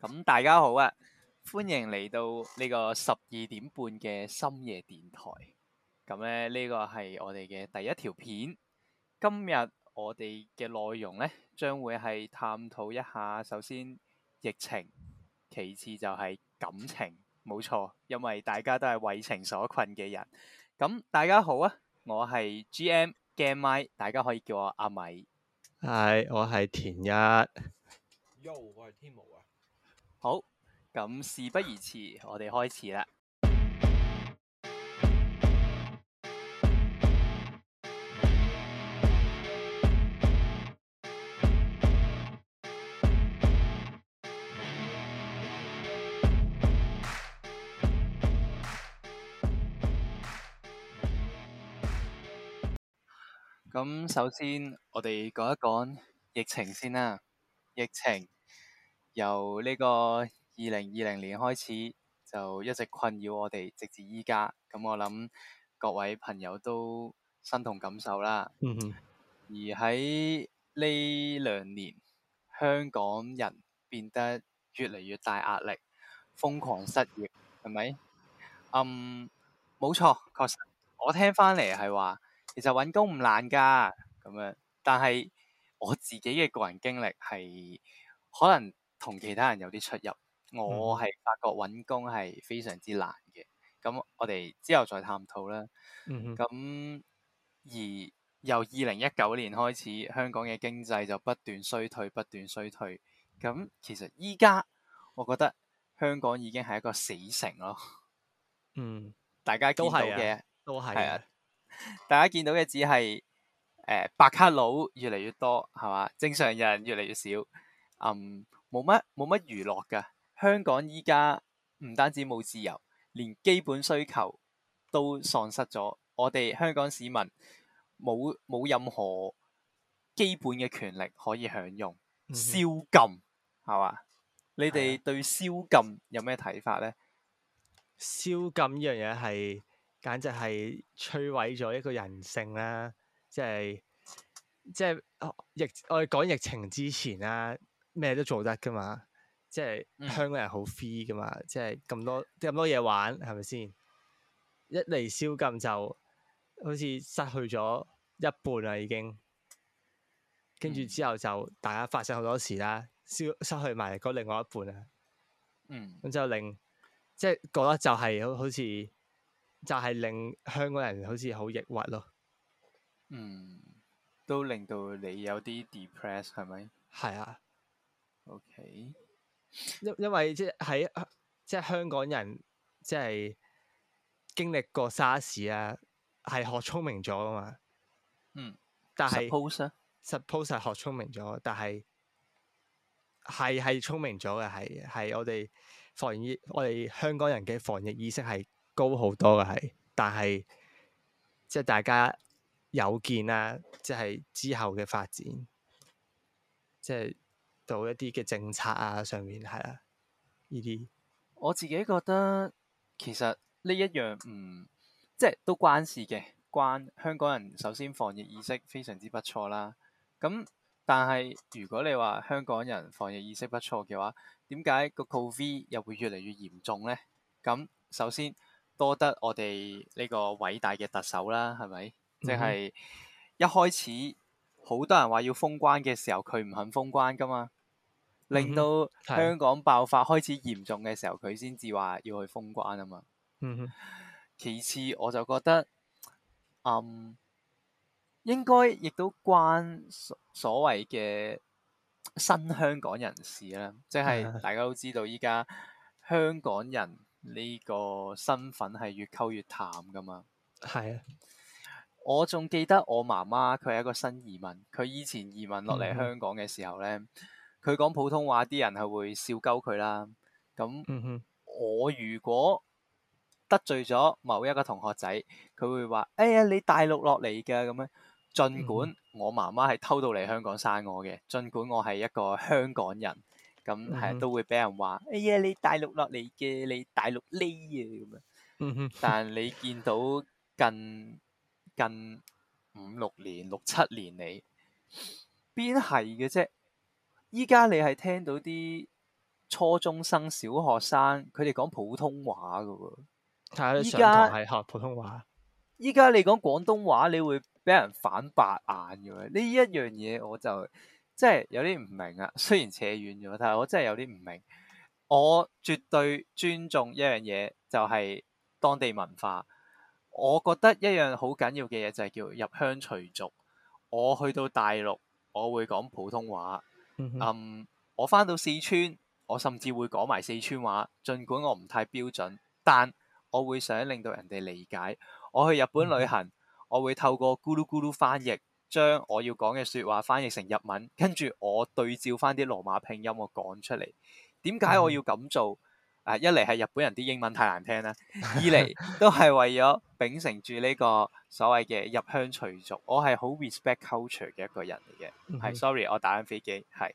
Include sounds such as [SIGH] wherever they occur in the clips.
咁大家好啊，歡迎嚟到呢個十二點半嘅深夜電台。咁咧呢個係我哋嘅第一條片。今日我哋嘅內容呢，將會係探討一下，首先疫情，其次就係感情，冇錯，因為大家都係為情所困嘅人。咁大家好啊，我係 G.M. 嘅米，大家可以叫我阿米。係，我係田一。喲，我係 Timmy 啊。好，咁事不宜遲，我哋開始啦。咁 [MUSIC] 首先，我哋講一講疫情先啦。疫情。由呢個二零二零年開始，就一直困擾我哋，直至依家。咁我諗各位朋友都身同感受啦。嗯哼。而喺呢兩年，香港人變得越嚟越大壓力，瘋狂失業，係咪？嗯，冇錯，確實。我聽翻嚟係話，其實搵工唔難噶咁樣，但係我自己嘅個人經歷係可能。同其他人有啲出入，我係發覺揾工係非常之難嘅。咁我哋之後再探討啦。咁、嗯、哼而由二零一九年開始，香港嘅經濟就不斷衰退，不斷衰退。咁其實依家我覺得香港已經係一個死城咯。嗯，大家都係嘅都係係大家見到嘅只係、呃、白卡佬越嚟越多，係嘛？正常人越嚟越少。嗯。冇乜冇乜娛樂噶，香港依家唔單止冇自由，連基本需求都喪失咗。我哋香港市民冇冇任何基本嘅權力可以享用。宵禁、嗯哼、係嘛？你哋對宵禁有咩睇法呢？宵禁呢樣嘢係簡直係摧毀咗一個人性啦、啊！即係即係疫我哋講疫情之前啦、啊。咩都做得噶嘛，即係香港人好 free 噶嘛，嗯、即係咁多咁多嘢玩，係咪先？一嚟宵禁就好似失去咗一半啦，已經跟住之後就大家發生好多事啦，消失去埋嗰另外一半啊。嗯，咁就令即係覺得就係好好似就係、是、令香港人好似好抑鬱咯。嗯，都令到你有啲 depress 係咪？係啊。O K，因因為即係即係香港人即係經歷過沙士啊，係學聰明咗噶嘛。嗯，但係 suppose 學聰明咗，但係係係聰明咗嘅係係我哋防疫，我哋香港人嘅防疫意識係高好多嘅係，但係即係大家有見啦，即係之後嘅發展，即係。做一啲嘅政策啊，上面係啦，呢啲、啊、我自己覺得其實呢一樣唔、嗯、即係都關事嘅，關香港人首先防疫意識非常之不錯啦。咁但係如果你話香港人防疫意識不錯嘅話，點解個 Covid 又會越嚟越嚴重咧？咁首先多得我哋呢個偉大嘅特首啦，係咪？即係、嗯、哼一開始好多人話要封關嘅時候，佢唔肯封關噶嘛。令到香港爆發開始嚴重嘅時候，佢先至話要去封關啊嘛。嗯哼。其次，我就覺得，嗯，應該亦都關所所謂嘅新香港人士啦，即係大家都知道依家香港人呢個身份係越溝越淡㗎嘛。係啊，嗯哼，我仲記得我媽媽，佢係一個新移民。佢以前移民落嚟香港嘅時候呢。嗯佢講普通話啲人係會笑鳩佢啦。咁、嗯、哼我如果得罪咗某一個同學仔，佢會話：哎呀，你大陸落嚟㗎咁樣。儘管我媽媽係偷渡嚟香港生我嘅，儘管我係一個香港人，咁係、嗯、哼都會俾人話：哎呀，你大陸落嚟嘅，你大陸唎嘢。」咁樣。樣嗯、哼但你見到近近五六年、六七年你邊係嘅啫？依家你係聽到啲初中生、小學生，佢哋講普通話㗎喎。係啊，依家係學普通話。依家你講廣東話，你會俾人反白眼嘅。呢一樣嘢我就即係有啲唔明啊。雖然扯遠咗，但係我真係有啲唔明。我絕對尊重一樣嘢，就係當地文化。我覺得一樣好緊要嘅嘢就係叫入鄉隨俗。我去到大陸，我會講普通話。嗯，um, 我翻到四川，我甚至會講埋四川話，儘管我唔太標準，但我會想令到人哋理解。我去日本旅行，我會透過咕嚕咕嚕翻譯，將我要講嘅說話翻譯成日文，跟住我對照翻啲羅馬拼音，我講出嚟。點解我要咁做？啊！一嚟係日本人啲英文太難聽啦，二嚟都係為咗秉承住呢個所謂嘅入鄉隨俗，我係好 respect culture 嘅一個人嚟嘅。係、mm hmm.，sorry，我打緊飛機，係，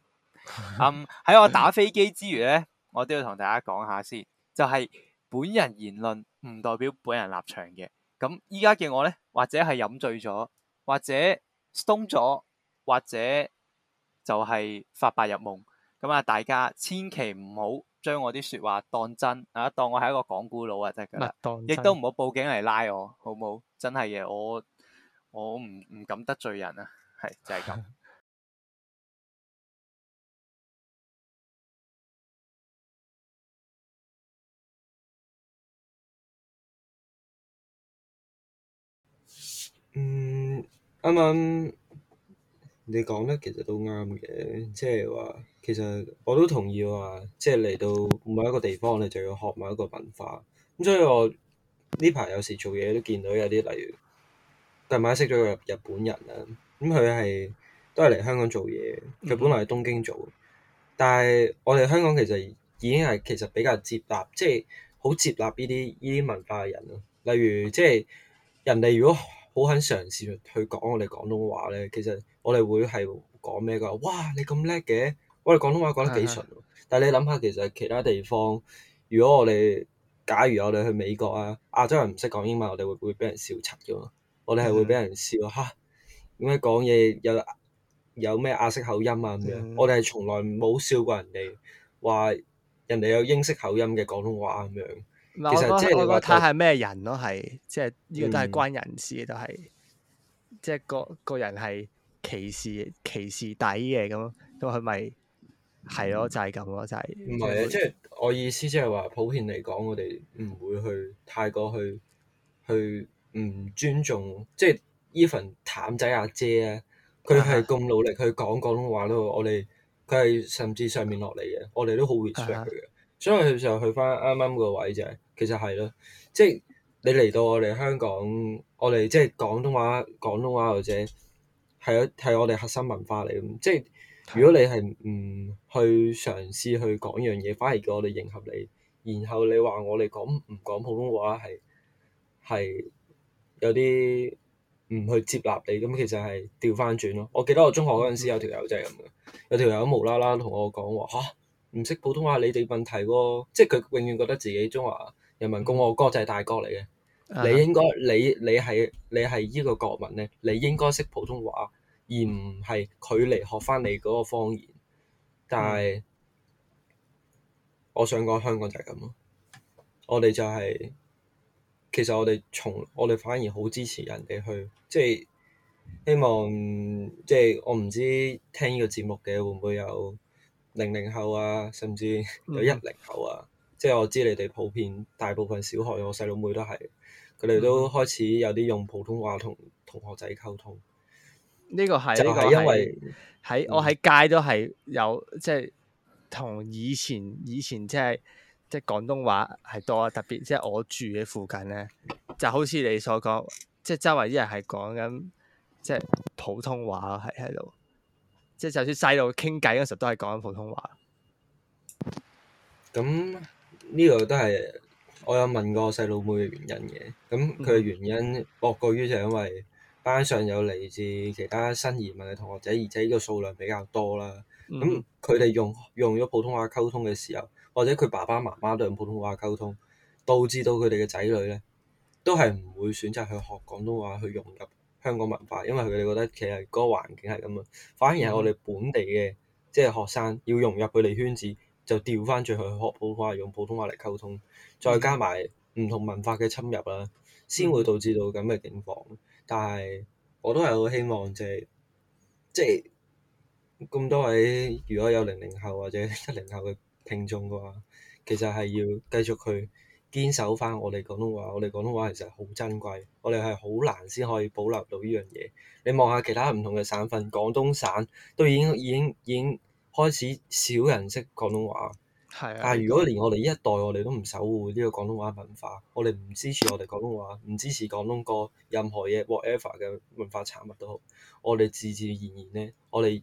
喺、um, 我打飛機之餘呢，我都要同大家講下先，就係、是、本人言論唔代表本人立場嘅。咁依家嘅我呢，或者係飲醉咗，或者 stone 咗，或者就係發白日夢。咁啊，大家千祈唔好將我啲説話當真啊，當我係一個講古佬啊真㗎啦，亦都唔好報警嚟拉我，好冇？真係嘅，我我唔唔敢得罪人啊，係 [LAUGHS] 就係、是、咁。 [LAUGHS] 嗯，啱啱，你講得其實都啱嘅，即係話其實我都同意話，即係嚟到某一個地方，我哋就要學某一個文化。咁所以我呢排有時做嘢都見到有啲例如大排識咗個日本人啊，咁佢係都係嚟香港做嘢，佢本來喺東京做，嗯、但係我哋香港其實已經係其實比較接納，即係好接納呢啲呢啲文化嘅人咯。例如即係、即係、人哋如果，好肯嘗試去講我哋廣東話咧，其實我哋會係講咩噶？哇！你咁叻嘅，我哋廣東話講得幾順。Uh huh. 但係你諗下，其實其他地方，如果我哋假如我哋去美國啊，亞洲人唔識講英文，我哋會唔會俾人笑柒噶？我哋係會俾人笑嚇，點解講嘢有有咩亞式口音啊？咁樣、uh，huh. 我哋係從來冇笑過人哋，話人哋有英式口音嘅廣東話咁、啊、樣。其實即係你我覺得睇係咩人咯，係即係呢個都係關人事嘅，嗯、都係即係個個人係歧視歧視底嘅咁，咁佢咪係咯，就係咁咯，就係。唔係即係我意思即係話，普遍嚟講，我哋唔會去太過去去唔尊重，即係 even 淡仔阿、啊、姐啊，佢係咁努力去講廣東話、啊、哈咯，我哋佢係甚至上面落嚟嘅，我哋都好 respect 佢嘅。啊所以佢就去翻啱啱個位就係，其實係咯，即係你嚟到我哋香港，我哋即係廣東話，廣東話或者係係我哋核心文化嚟咁。即係如果你係唔去嘗試去講樣嘢，反而叫我哋迎合你，然後你話我哋講唔講普通話係係有啲唔去接納你，咁其實係調翻轉咯。我記得我中學嗰陣時有條友就係咁嘅，有條友無啦啦同我講話嚇。啊唔識普通話，你哋問題喎、哦，即係佢永遠覺得自己中華人民共和國就係大國嚟嘅。Uh huh. 你應該，你你係你係依個國民咧，你應該識普通話，而唔係佢嚟學翻你嗰個方言。但係，uh huh. 我想講香港就係咁咯。我哋就係、是，其實我哋從我哋反而好支持人哋去，即係希望，即係我唔知聽呢個節目嘅會唔會有。零零後啊，甚至有一零後啊，嗯、即係我知你哋普遍大部分小學我細佬妹都係，佢哋都開始有啲用普通話同同學仔溝通。呢個係，即、嗯、係因為喺我喺街都係有，即係同以前以前即係即係廣東話係多，特別即係我住嘅附近咧，就好似你所講，即、就、係、係、周圍啲人係講緊即係普通話係喺度。即係就算細路傾偈嗰時候都係講緊普通話。咁呢個都係我有問過細佬妹嘅原因嘅。咁佢嘅原因莫過於就係因為班上有嚟自其他新移民嘅同學仔，而且呢個數量比較多啦。咁佢哋用用咗普通話溝通嘅時候，或者佢爸爸媽媽都用普通話溝通，導致到佢哋嘅仔女咧都係唔會選擇去學廣東話去融入。香港文化，因為佢哋覺得其實嗰個環境係咁啊，反而係我哋本地嘅即係學生要融入佢哋圈子，就調翻轉去學普通話，用普通話嚟溝通，再加埋唔同文化嘅侵入啦，先會導致到咁嘅境況。但係我都係好希望就係即係咁多位，如果有零零後或者一零後嘅聽眾嘅話，其實係要繼續去。堅守翻我哋廣東話，我哋廣東話其實好珍貴，我哋係好難先可以保留到呢樣嘢。你望下其他唔同嘅省份，廣東省都已經已經已經開始少人識廣東話。係啊。但係如果連我哋依一代我哋都唔守護呢個廣東話文化，我哋唔支持我哋廣東話，唔支持廣東歌，任何嘢 whatever 嘅文化產物都好，我哋自自然然呢，我哋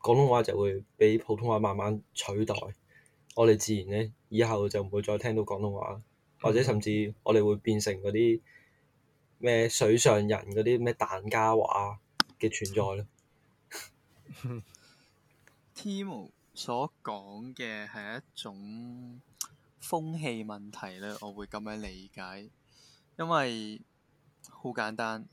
廣東話就會俾普通話慢慢取代。我哋自然呢，以後就唔會再聽到廣東話，mm hmm. 或者甚至我哋會變成嗰啲咩水上人，嗰啲咩疍家話嘅存在咯、mm。Hmm. [LAUGHS] Timo 所講嘅係一種風氣問題咧，我會咁樣理解，因為好簡單，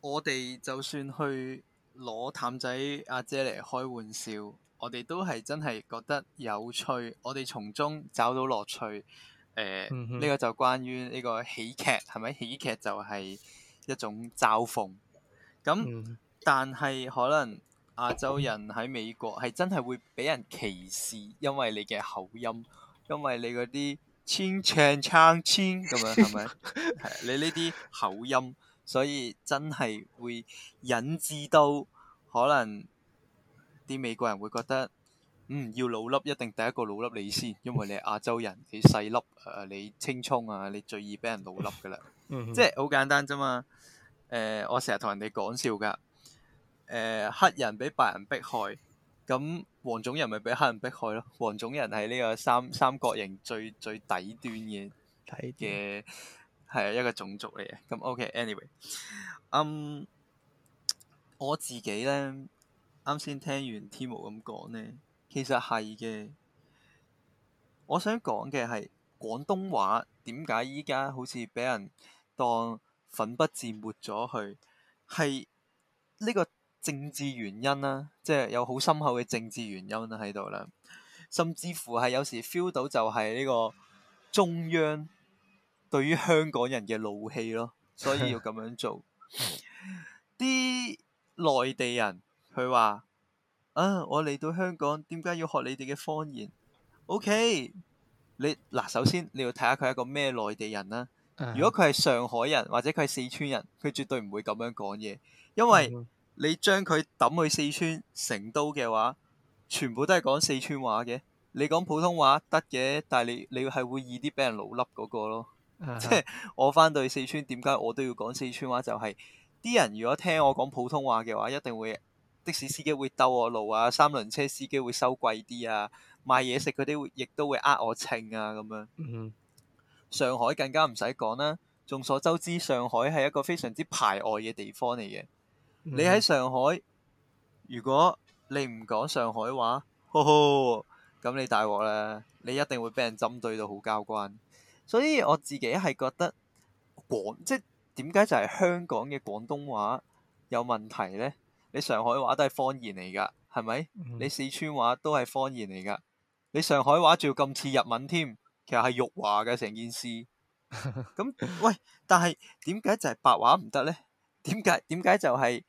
我哋就算去攞譚仔阿姐嚟開玩笑。我哋都係真係覺得有趣，我哋從中找到樂趣。誒、呃，呢、嗯、哼個就關於呢個喜劇，係咪？喜劇就係一種嘲諷。咁，但係可能亞洲人喺美國係真係會俾人歧視，因為你嘅口音，因為你嗰啲千唱唱千咁樣係咪？係 [LAUGHS] 你呢啲口音，所以真係會引致到可能。啲美國人會覺得，嗯，要老笠，一定第一個老笠你先，因為你係亞洲人，你細粒，誒、呃，你青葱啊，你最易俾人老笠噶啦， [LAUGHS] 即係好簡單啫嘛。誒、呃，我成日同人哋講笑噶，誒、呃，黑人俾白人迫害，咁黃種人咪俾黑人迫害咯，黃種人喺呢個三三角形最最底端嘅，嘅係 [LAUGHS] 一個種族嚟嘅。咁 OK，anyway，OK，嗯，我自己咧。啱先聽完 Timo 咁講咧，其實係嘅。我想講嘅係廣東話點解依家好似俾人當粉筆字抹咗去，係呢個政治原因啦，即係有好深厚嘅政治原因啦喺度啦，甚至乎係有時 feel 到就係呢個中央對於香港人嘅怒氣咯，所以要咁樣做啲 [LAUGHS] [LAUGHS] 內地人。佢話啊，我嚟到香港，點解要學你哋嘅方言？O、okay. K，你嗱，首先你要睇下佢係一個咩內地人啦。Uh huh. 如果佢係上海人或者佢係四川人，佢絕對唔會咁樣講嘢。因為你將佢抌去四川成都嘅話，全部都係講四川話嘅。你講普通話得嘅，但係你你係會易啲俾人老笠嗰個咯。即係、uh huh. [LAUGHS] 我翻到去四川，點解我都要講四川話？就係、是、啲人如果聽我講普通話嘅話，一定會。的士司機會兜我路啊，三輪車司機會收貴啲啊，賣嘢食嗰啲會亦都會呃我秤啊，咁樣。Mm hmm. 上海更加唔使講啦，眾所周知上海係一個非常之排外嘅地方嚟嘅。Mm hmm. 你喺上海，如果你唔講上海話，呵呵，咁你大鑊喇，你一定會俾人針對到好交關。所以我自己係覺得廣即係點解就係香港嘅廣東話有問題呢？你上海話都係方言嚟噶，係咪？Mm hmm. 你四川話都係方言嚟噶，你上海話仲要咁似日文添，其實係辱話嘅成件事。咁喂，但係點解就係白話唔得呢？點解點解就係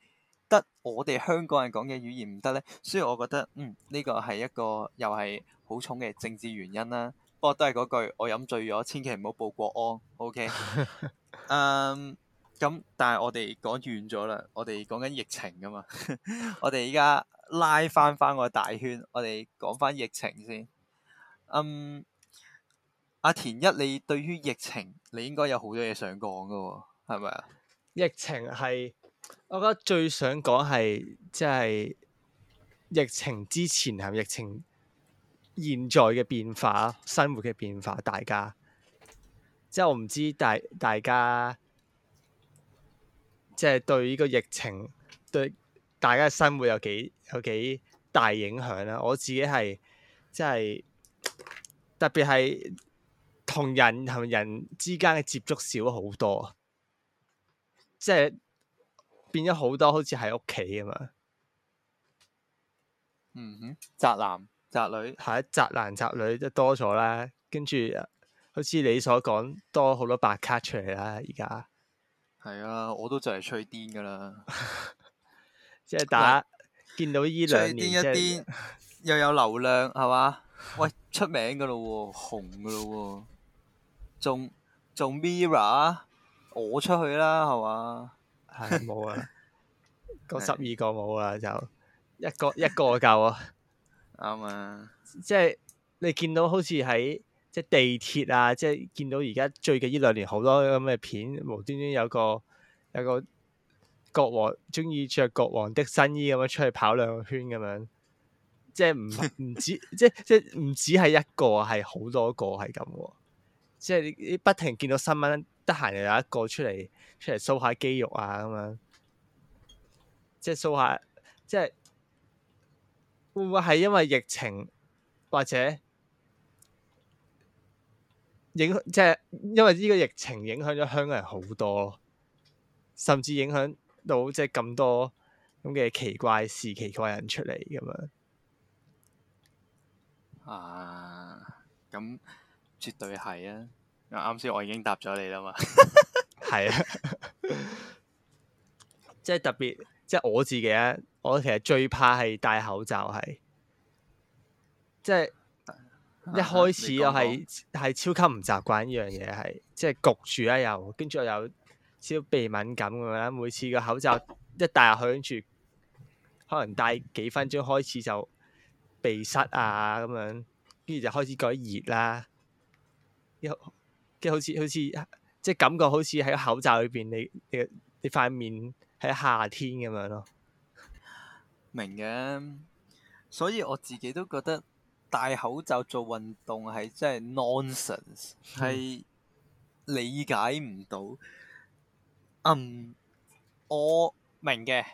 得我哋香港人講嘅語言唔得呢？雖然我覺得，嗯，呢個係一個又係好重嘅政治原因啦。不過都係嗰句，我飲醉咗，千祈唔好報國安。OK，嗯、um,。咁，但係我哋講遠咗啦。我哋講緊疫情噶嘛？ [LAUGHS] 我哋而家拉翻翻個大圈，我哋講翻疫情先。嗯，阿田一，你對於疫情，你應該有好多嘢想講噶，係咪啊？疫情係，我覺得最想講係即係疫情之前同疫情現在嘅變化，生活嘅變化，大家即係我唔知大大家。即係對呢個疫情，對大家嘅生活有幾有幾大影響啦。我自己係即係特別係同人同人之間嘅接觸少好多，即係變咗好多，好似喺屋企咁啊。嗯哼，宅男宅女係宅男宅女都多咗啦，跟住好似你所講多好多白卡出嚟啦，而家。係啊，我都就係吹癲噶啦，即係打喂見到依兩年，即係又有流量係嘛？喂，出名噶咯喎，紅噶咯喎，仲仲 Mirror 我出去啦係嘛？係冇啊， [LAUGHS] 哎、個十二個冇啊， [LAUGHS] 就一個一個就夠 [LAUGHS] 啊，啱啊，即係你見到好似喺。即係地鐵啊！即係見到而家最近呢兩年好多咁嘅片，無端端有個有個國王中意着國王的新衣咁樣出去跑兩圈咁樣，即係唔唔止，即係即係唔止係一個，係好多個係咁、啊。即係你不停見到新聞，得閒又有一個出嚟，出嚟 show 下肌肉啊咁樣，即係 show 下，即係會唔會係因為疫情或者？影即係因為呢個疫情影響咗香港人好多，甚至影響到即係咁多咁嘅奇怪事、奇怪人出嚟咁樣。啊，咁絕對係啊！啱先我已經答咗你啦嘛，係 [LAUGHS] 啊， [LAUGHS] [LAUGHS] 即係特別，即係我自己啊，我其實最怕係戴口罩係，即係。啊、一開始我係係超級唔習慣呢樣嘢，係即係焗住啊又，跟住又有少少鼻敏感咁樣，每次個口罩一戴入去跟住，可能戴幾分鐘開始就鼻塞啊咁樣，跟住就開始覺得熱啦，又跟好似好似即係感覺好似喺口罩裏邊你你你塊面喺夏天咁樣咯，明嘅，所以我自己都覺得。戴口罩做運動係真係 nonsense，係、嗯、理解唔到。嗯、um，我明嘅。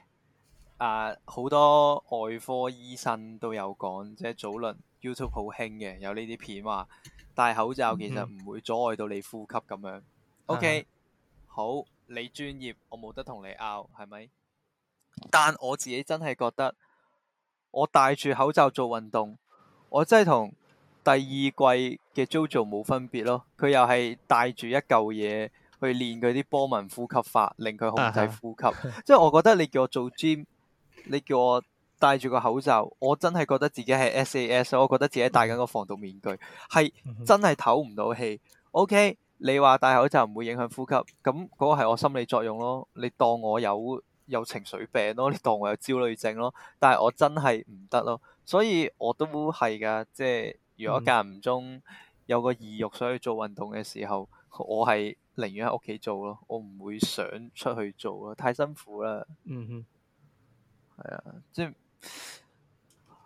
啊，好多外科醫生都有講，即係早輪 YouTube 好興嘅，有呢啲片話戴口罩其實唔會阻礙到你呼吸咁樣。OK，好，你專業，我冇得同你拗，係咪？但我自己真係覺得，我戴住口罩做運動。我真係同第二季嘅 Jojo 冇分別咯，佢又係戴住一舊嘢去練佢啲波紋呼吸法，令佢控制呼吸。Uh huh. 即係我覺得你叫我做 gym，你叫我戴住個口罩，我真係覺得自己係 SAS，我覺得自己戴緊個防毒面具，係、uh huh. 真係唞唔到氣。OK，你話戴口罩唔會影響呼吸，咁嗰個係我心理作用咯。你當我有有情緒病咯，你當我有焦慮症咯，但係我真係唔得咯。所以我都係噶，即係如果間唔中有個意欲想去做運動嘅時候，我係寧願喺屋企做咯，我唔會想出去做咯，太辛苦啦。嗯哼，係啊，即係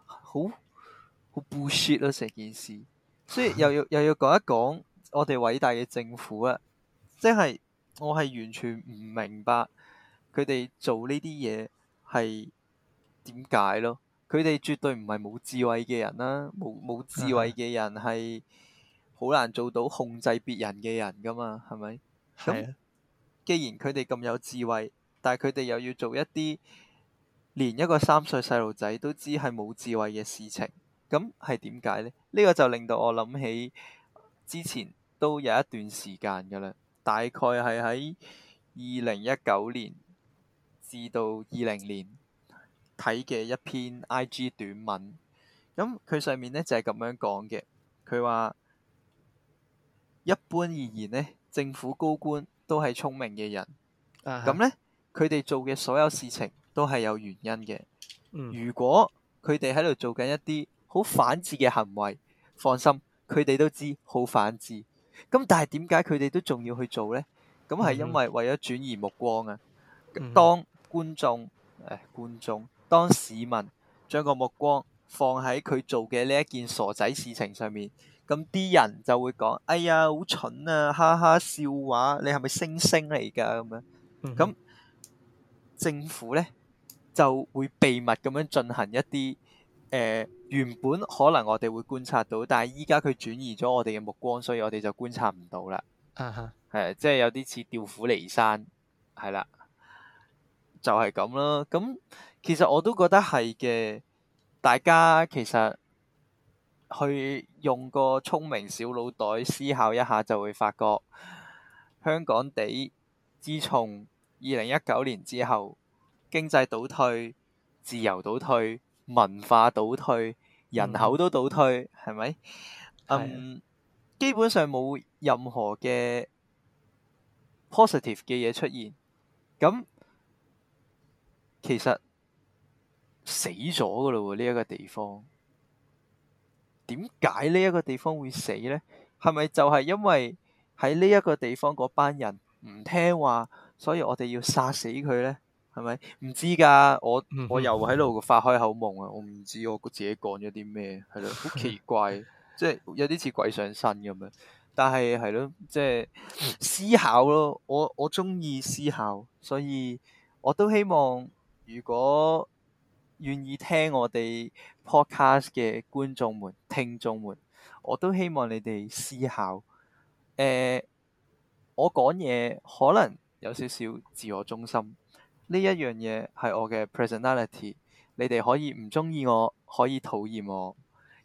好好 bullshit 囉，成件事，所以又要又要講一講我哋偉大嘅政府啊。即係我係完全唔明白佢哋做呢啲嘢係點解咯。佢哋絕對唔係冇智慧嘅人啦、啊，冇冇智慧嘅人係好難做到控制別人嘅人噶嘛，係咪？咁是的 既然佢哋咁有智慧，但係佢哋又要做一啲連一個三歲細路仔都知係冇智慧嘅事情，咁係點解呢？呢、呢個就令到我諗起之前都有一段時間噶啦，大概係喺二零一九年至到二零年，睇嘅一篇 IG 短文，咁、嗯、佢上面咧就係、是、咁樣講嘅。佢話一般而言咧，政府高官都係聰明嘅人，咁咧佢哋做嘅所有事情都係有原因嘅。如果佢哋喺度做緊一啲好反智嘅行為，放心，佢哋都知好反智。咁但係點解佢哋都仲要去做咧？咁係因為為咗轉移目光啊。Uh huh. 當觀眾，誒，觀眾。當市民將個目光放喺佢做嘅呢一件傻仔事情上面，咁啲人就會講，哎呀，好蠢啊！哈哈，笑話，你係咪星星嚟噶？咁樣，咁、嗯、哼政府咧就會秘密咁樣進行一啲，誒、呃，原本可能我哋會觀察到，但係依家佢轉移咗我哋嘅目光，所以我哋就觀察唔到啦。係、啊哈，即係有啲似調虎離山，係啦，就係咁啦，咁。其實我都覺得係嘅，大家其實去用個聰明小腦袋思考一下，就會發覺香港地自從二零一九年之後，經濟倒退、自由倒退、文化倒退、人口都倒退，係咪？嗯，嗯，係嘅。基本上冇任何嘅 positive 嘅嘢出現。咁，嗯，其實。死咗噶咯！呢一個地方點解呢一個地方會死咧？係咪就係因為喺呢一個地方嗰班人唔聽話，所以我哋要殺死佢咧？係咪唔知噶？我我又喺度發開口夢啊！我唔知我自己講咗啲咩係咯，好奇怪， [LAUGHS] 即係有啲似鬼上身咁樣。但係係咯，即係思考咯。我我中意思考，所以我都希望如果。願意聽我哋 podcast 嘅觀眾們、聽眾們，我都希望你哋思考。誒、呃，我講嘢可能有少少自我中心，呢一樣嘢係我嘅 personality。你哋可以唔中意我，可以討厭我。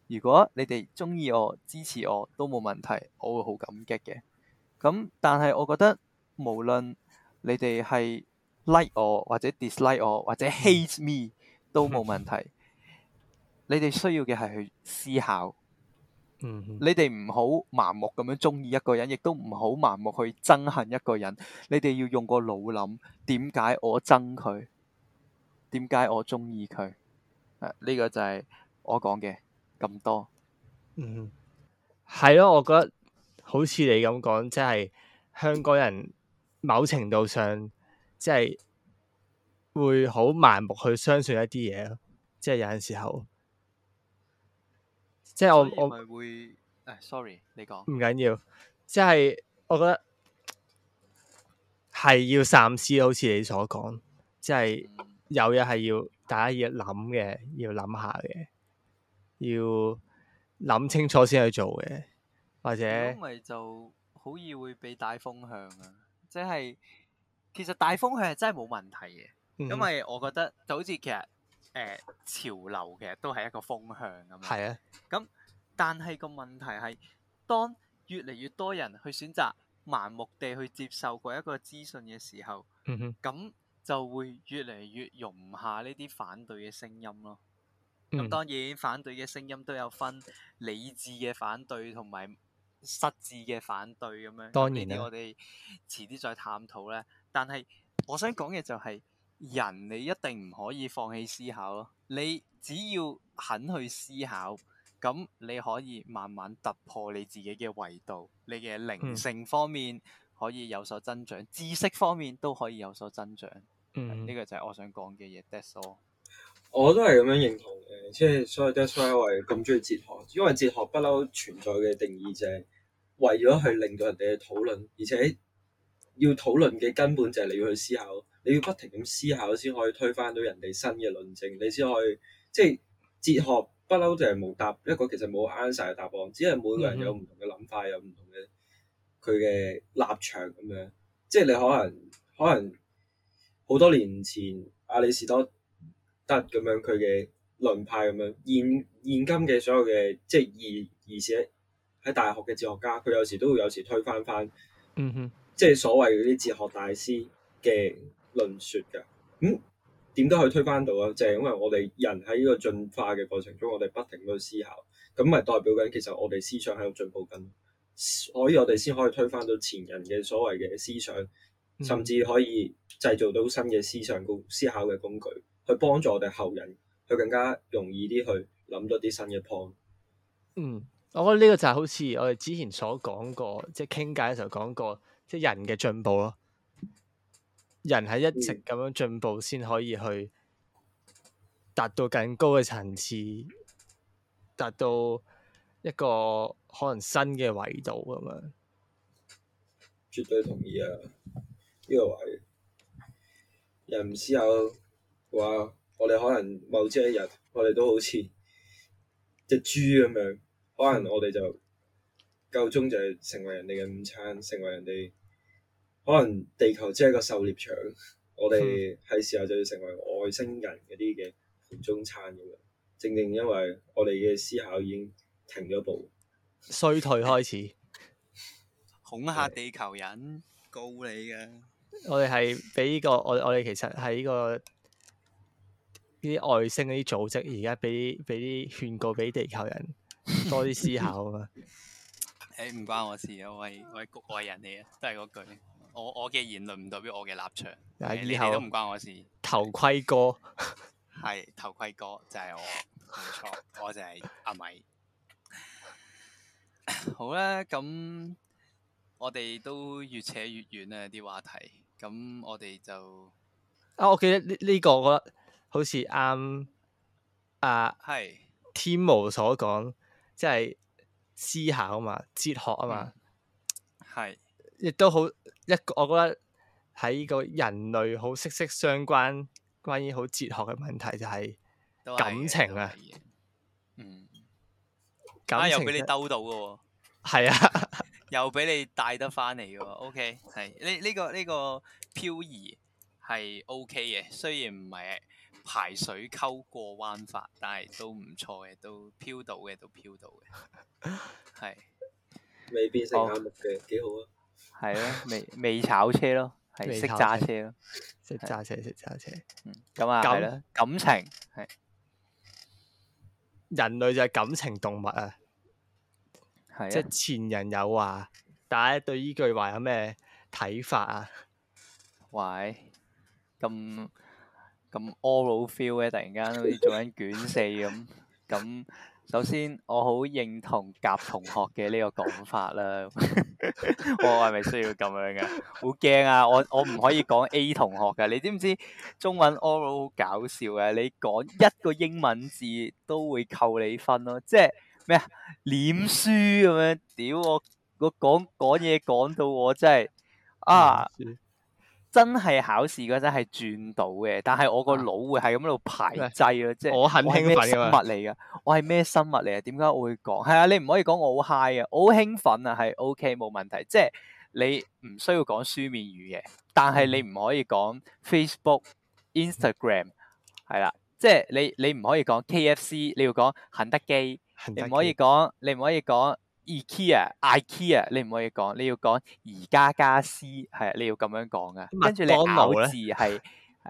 如果你哋中意我、支持我都冇問題，我會好感激嘅。咁但係我覺得無論你哋係 like 我或者 dislike 我或者 hate me。都冇問題。你哋需要嘅係去思考。嗯嗯、你哋唔好盲目咁樣中意一個人，亦都唔好盲目去憎恨一個人。你哋要用個腦諗，點解我憎佢？點解我中意佢？呢、呢個就係我講嘅咁多。嗯，係咯，我覺得好似你咁講，即係香港人某程度上，即係。會好盲目去相信一啲嘢咯，即係有陣時候，即係我會我會誒、哎、sorry，你講唔緊要，即係我覺得係要三思，好似你所講，即係有嘢係要大家要諗嘅，要諗下嘅，要諗清楚先去做嘅，或者因為就好易會俾帶風向啊，即係其實帶風向係真係冇問題嘅。.嗯、因為我覺得就好似其實誒、呃、潮流其實都係一個風向啊嘛。係啊的。咁但係個問題係，當越嚟越多人去選擇盲目地去接受嗰一個資訊嘅時候，咁、嗯、哼就會越嚟越容唔下呢啲反對嘅聲音咯。咁、嗯、當然反對嘅聲音都有分理智嘅反對同埋失智嘅反對咁樣。當然我哋遲啲再探討咧。但係我想講嘅就係、是。人你一定唔可以放棄思考咯。你只要肯去思考，咁你可以慢慢突破你自己嘅維度，你嘅靈性方面可以有所增長，知識、嗯、方面都可以有所增長。嗯，呢個就係我想講嘅嘢。That's all。我都係咁樣認同嘅，即係所以 That's why 我係咁中意哲學，因為哲學不嬲存在嘅定義就係為咗去令到人哋去討論，而且要討論嘅根本就係你要去思考。你要不停咁思考先可以推翻到人哋新嘅論證，你先可以即係哲學不嬲就係無答，一個其實冇啱晒嘅答案，只係每個人有唔同嘅諗法，有唔同嘅佢嘅立場咁樣。即係你可能可能好多年前阿里士多德咁樣佢嘅論派咁樣，現現今嘅所有嘅即係而而且喺大學嘅哲學家，佢有時都會有時推翻翻，嗯哼，即係所謂嗰啲哲學大師嘅。論說嘅咁點都可以推翻到啊？就係因為我哋人喺呢個進化嘅過程中，我哋不停都去思考，咁咪代表緊其實我哋思想喺度進步緊，所以我哋先可以推翻到前人嘅所謂嘅思想，甚至可以製造到新嘅思想、嗯、思考嘅工具，去幫助我哋後人去更加容易啲去諗多啲新嘅 point。嗯，我覺得呢個就係好似我哋之前所講過，即係傾偈嘅時候講過，即係人嘅進步咯。人係一直咁樣進步，先可以去達到更高嘅層次，達到一個可能新嘅維度咁樣。嗯、絕對同意啊！呢、這個位，人唔知有話，我哋可能某朝一日，我哋都好似隻豬咁樣，可能我哋就夠鐘就係成為人哋嘅午餐，成為人哋。可能地球只係個狩獵場，我哋喺時候就要成為外星人嗰啲嘅盤中餐咁樣。正正因為我哋嘅思考已經停咗步了，衰退開始，恐嚇地球人的告你㗎、這個。我哋係俾呢個我我哋其實喺呢、這個呢啲外星嗰啲組織而家俾俾啲勸告俾地球人多啲思考啊嘛。誒 [LAUGHS] 、欸，唔關我事啊，我係我係局外人嚟，啊，都係嗰句。我我嘅言論唔代表我嘅立場，呢啲後、呃、都唔關我事。頭盔哥係 [LAUGHS] [LAUGHS] 頭盔哥，就係我，冇 [LAUGHS] 錯，我就係阿米。 [LAUGHS] 好啦，咁我哋都越扯越遠啊，啲話題。咁我哋就啊，我記得呢呢、這個，我覺得好似啱、嗯、啊，係 Timo 所講，即係思考啊嘛，哲學啊嘛，係亦、嗯、都好。一個我覺得喺呢個人類好息息相關，關於好哲學嘅問題就係感情啊，嗯，啊又俾你兜到嘅，係啊，又俾你帶得翻嚟嘅，OK，係呢呢個呢、呢個漂移係 OK 嘅，雖然唔係排水溝過彎法，但係都唔錯嘅，都漂到嘅，都漂到嘅，係 [LAUGHS] 是未必世界末日嘅，幾好啊！係咯，未未炒車咯，係識揸車咯，識揸車識揸車。嗯，咁啊，係咯，感情係，人類就係感情動物啊。係啊。即係前人有話，大家對呢句話有咩睇法啊？喂，咁咁 oral feel 咧，突然間好似做緊卷四咁咁。首先，我好認同甲同學嘅呢個講法啦、 [LAUGHS] 哦。我係咪需要咁樣嘅？好驚啊！我我唔可以講 A 同學嘅。你知唔知中文 oral 好搞笑嘅？你講一個英文字都會扣你分咯、啊。即係咩啊？臉書咁樣。屌我我講講嘢講到我真係啊！真係考試嗰陣係轉到嘅，但係我個腦會係咁喺度排擠啊。即係是我係咩生物嚟㗎？我係咩生物嚟啊？點解我會講？係啊，你唔可以講我好 high 啊，我好興奮啊，係 OK 冇問題。即係你唔需要講書面語嘅，但係你唔可以講 Facebook、嗯、Instagram 係啦。即係你你唔可以講 KFC，你要講肯德基，德基你唔可以講，你唔可以講。IKEA、IKEA，你唔可以講，你要講宜家家私係啊，你要咁樣講噶跟住你咬字係，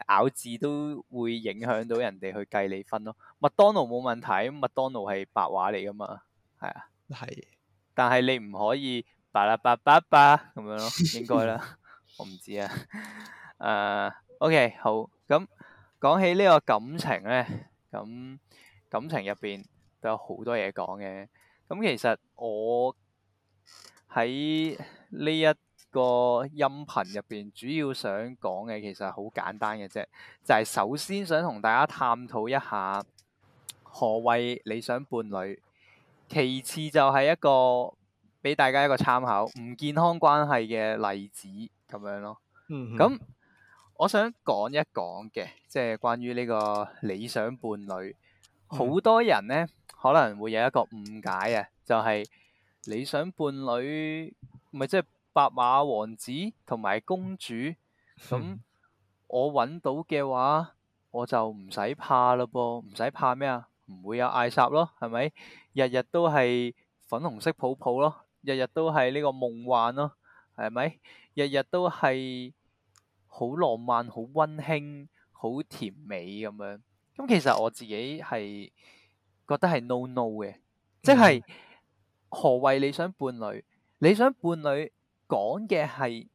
咬字都會影響到人哋去計你分咯。麥當勞冇問題，麥當勞係白話嚟噶嘛，係啊。係的。但係你唔可以白啦白八八咁樣咯，應該啦。 [LAUGHS] 我唔知啊。誒、呃，OK，好。咁講起呢個感情咧，咁感情入邊都有好多嘢講嘅。咁其實我喺呢一個音頻入邊，主要想講嘅其實好簡單嘅啫，就係首先想同大家探討一下何謂理想伴侶，其次就係一個俾大家一個參考唔健康關係嘅例子咁樣咯。嗯哼。咁我想講一講嘅，即係關於呢個理想伴侶，好多人呢。可能會有一個誤解啊，就係理想伴侶咪即係白馬王子同埋公主咁，我揾到嘅話，我就唔使怕嘞噃，唔使怕咩啊？唔會有嗌交咯，係咪？日日都係粉紅色泡泡咯，日日都係呢個夢幻咯，係咪？日日都係好浪漫、好温馨、好甜美咁樣。咁其實我自己係。覺得係 no no 嘅，即係何為理想伴侶？理想伴侶講嘅係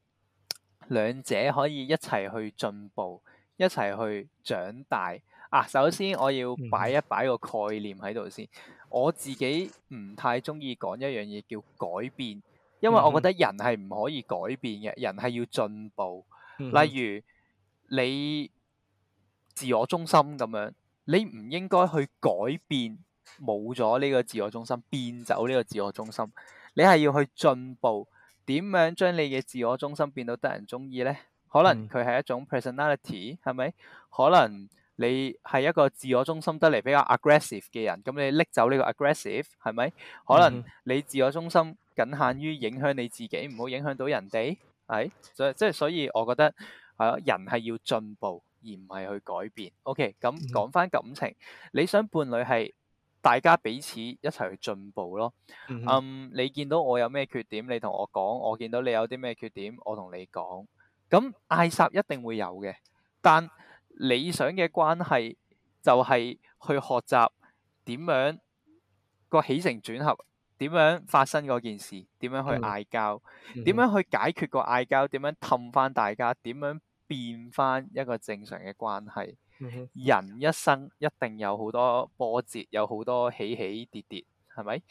兩者可以一齊去進步，一齊去長大。啊，首先我要擺一擺個概念喺度先。我自己唔太鍾意講一樣嘢叫改變，因為我覺得人係唔可以改變嘅，人係要進步。例如你自我中心咁樣。你唔應該去改變冇咗呢個自我中心，變走呢個自我中心。你係要去進步，點樣將你嘅自我中心變到得人中意呢？可能佢係一種 personality，係咪？可能你係一個自我中心得嚟比較 aggressive 嘅人，咁你拎走呢個 aggressive，係咪？可能你自我中心僅限於影響你自己，唔好影響到人哋，係。所以即係所以，我覺得係咯，人係要進步。而唔係去改變 OK，咁講翻感情，mm hmm. 理想伴侶係大家彼此一齊去進步咯。嗯、mm，hmm. um, 你見到我有咩缺點，你同我講，我見到你有啲咩缺點，我同你講，咁嗌霎一定會有嘅，但理想嘅關係就係去學習點樣個起承轉合，點樣發生嗰件事，點樣去嗌交，點、mm hmm. 樣去解決個嗌交，點樣氹翻大家，點樣。變返一個正常嘅關係，嗯、哼人一生一定有好多波折，有好多起起跌跌，係咪？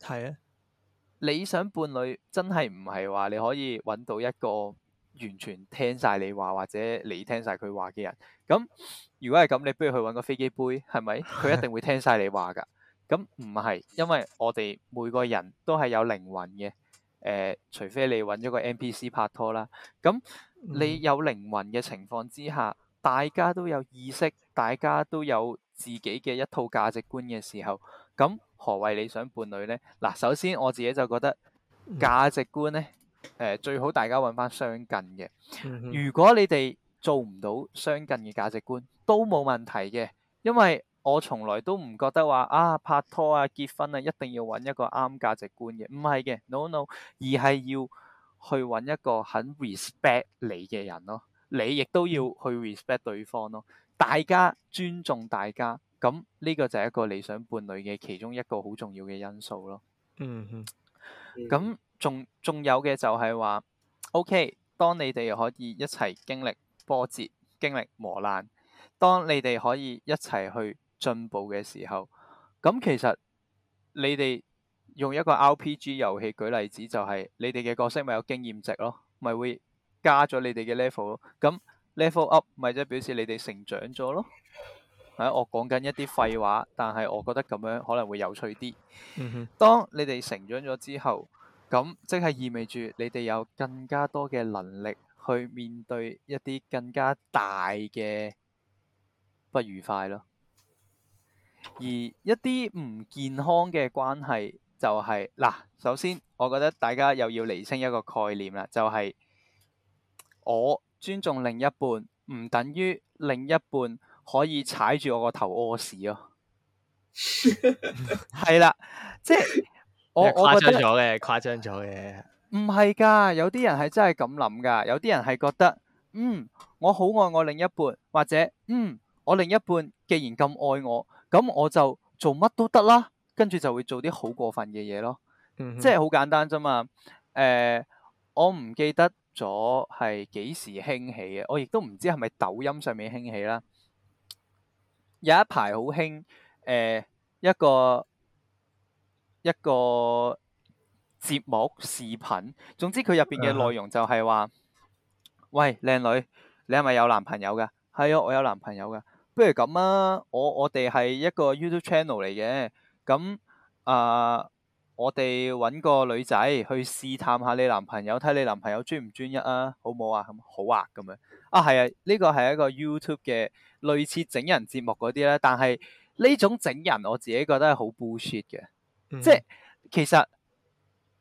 係啊的，理想伴侶真係唔係話你可以揾到一個完全聽晒你話或者你聽晒佢話嘅人。咁如果係咁，你不如去揾個飛機杯，係咪？佢一定會聽晒你話㗎。咁唔係，因為我哋每個人都係有靈魂嘅。誒、呃，除非你揾咗個 NPC 拍拖啦，咁你有靈魂嘅情況之下，大家都有意識，大家都有自己嘅一套價值觀嘅時候，咁何為理想伴侶呢？嗱，首先我自己就覺得價值觀呢，誒、呃，最好大家揾翻相近嘅。如果你哋做唔到相近嘅價值觀，都冇問題嘅，因為。我從來都唔覺得話，啊，拍拖啊，結婚啊一定要揾一個啱價值觀嘅，唔係嘅 no no，而係要去揾一個肯 respect 你嘅人咯，你亦都要去 respect 對方咯，大家尊重大家，咁，呢個就係一個理想伴侶嘅其中一個好重要嘅因素咯。嗯哼、mm，咁仲仲有嘅就係話，OK，當你哋可以一齊經歷波折、經歷磨難，當你哋可以一齊去。進步嘅時候，咁其實你哋用一個 RPG 遊戲舉例子，就係你哋嘅角色咪有經驗值咯，咪會加咗你哋嘅 level 咯。咁 level up 咪即表示你哋成長咗咯。係、啊、我講緊一啲廢話，但係我覺得咁樣可能會有趣啲。當你哋成長咗之後，咁即係意味住你哋有更加多嘅能力去面對一啲更加大嘅不愉快咯。而一啲唔健康嘅關係就係、是、嗱，首先我覺得大家又要厘清一個概念啦，就係、是、我尊重另一半唔等於另一半可以踩住我個頭屙屎囉。係 [LAUGHS] [LAUGHS] 啦，即係我誇張咗嘅，誇張咗嘅，唔係噶，有啲人係真係咁諗噶，有啲人係覺得嗯我好愛我另一半，或者嗯我另一半既然咁愛我。咁我就做乜都得啦，跟住就會做啲好過分嘅嘢咯，嗯、哼即係好簡單啫嘛。誒、呃，我唔記得咗係幾時興起嘅，我亦都唔知係咪抖音上面興起啦。有一排好興，誒、呃、一個一個節目視頻，總之佢入邊嘅內容就係話，嗯、哼喂，靚女，你係咪有男朋友㗎？係啊、哦，我有男朋友㗎。不如咁啊！我我哋係一個 YouTube channel 嚟嘅，咁、嗯、啊、呃，我哋揾個女仔去試探下你男朋友，睇你男朋友專唔專一啊？好唔好啊、嗯？好啊！咁樣啊，係啊，呢、這個係一個 YouTube 嘅類似整人節目嗰啲咧，但係呢種整人我自己覺得係好 bullshit 嘅，嗯、即係其實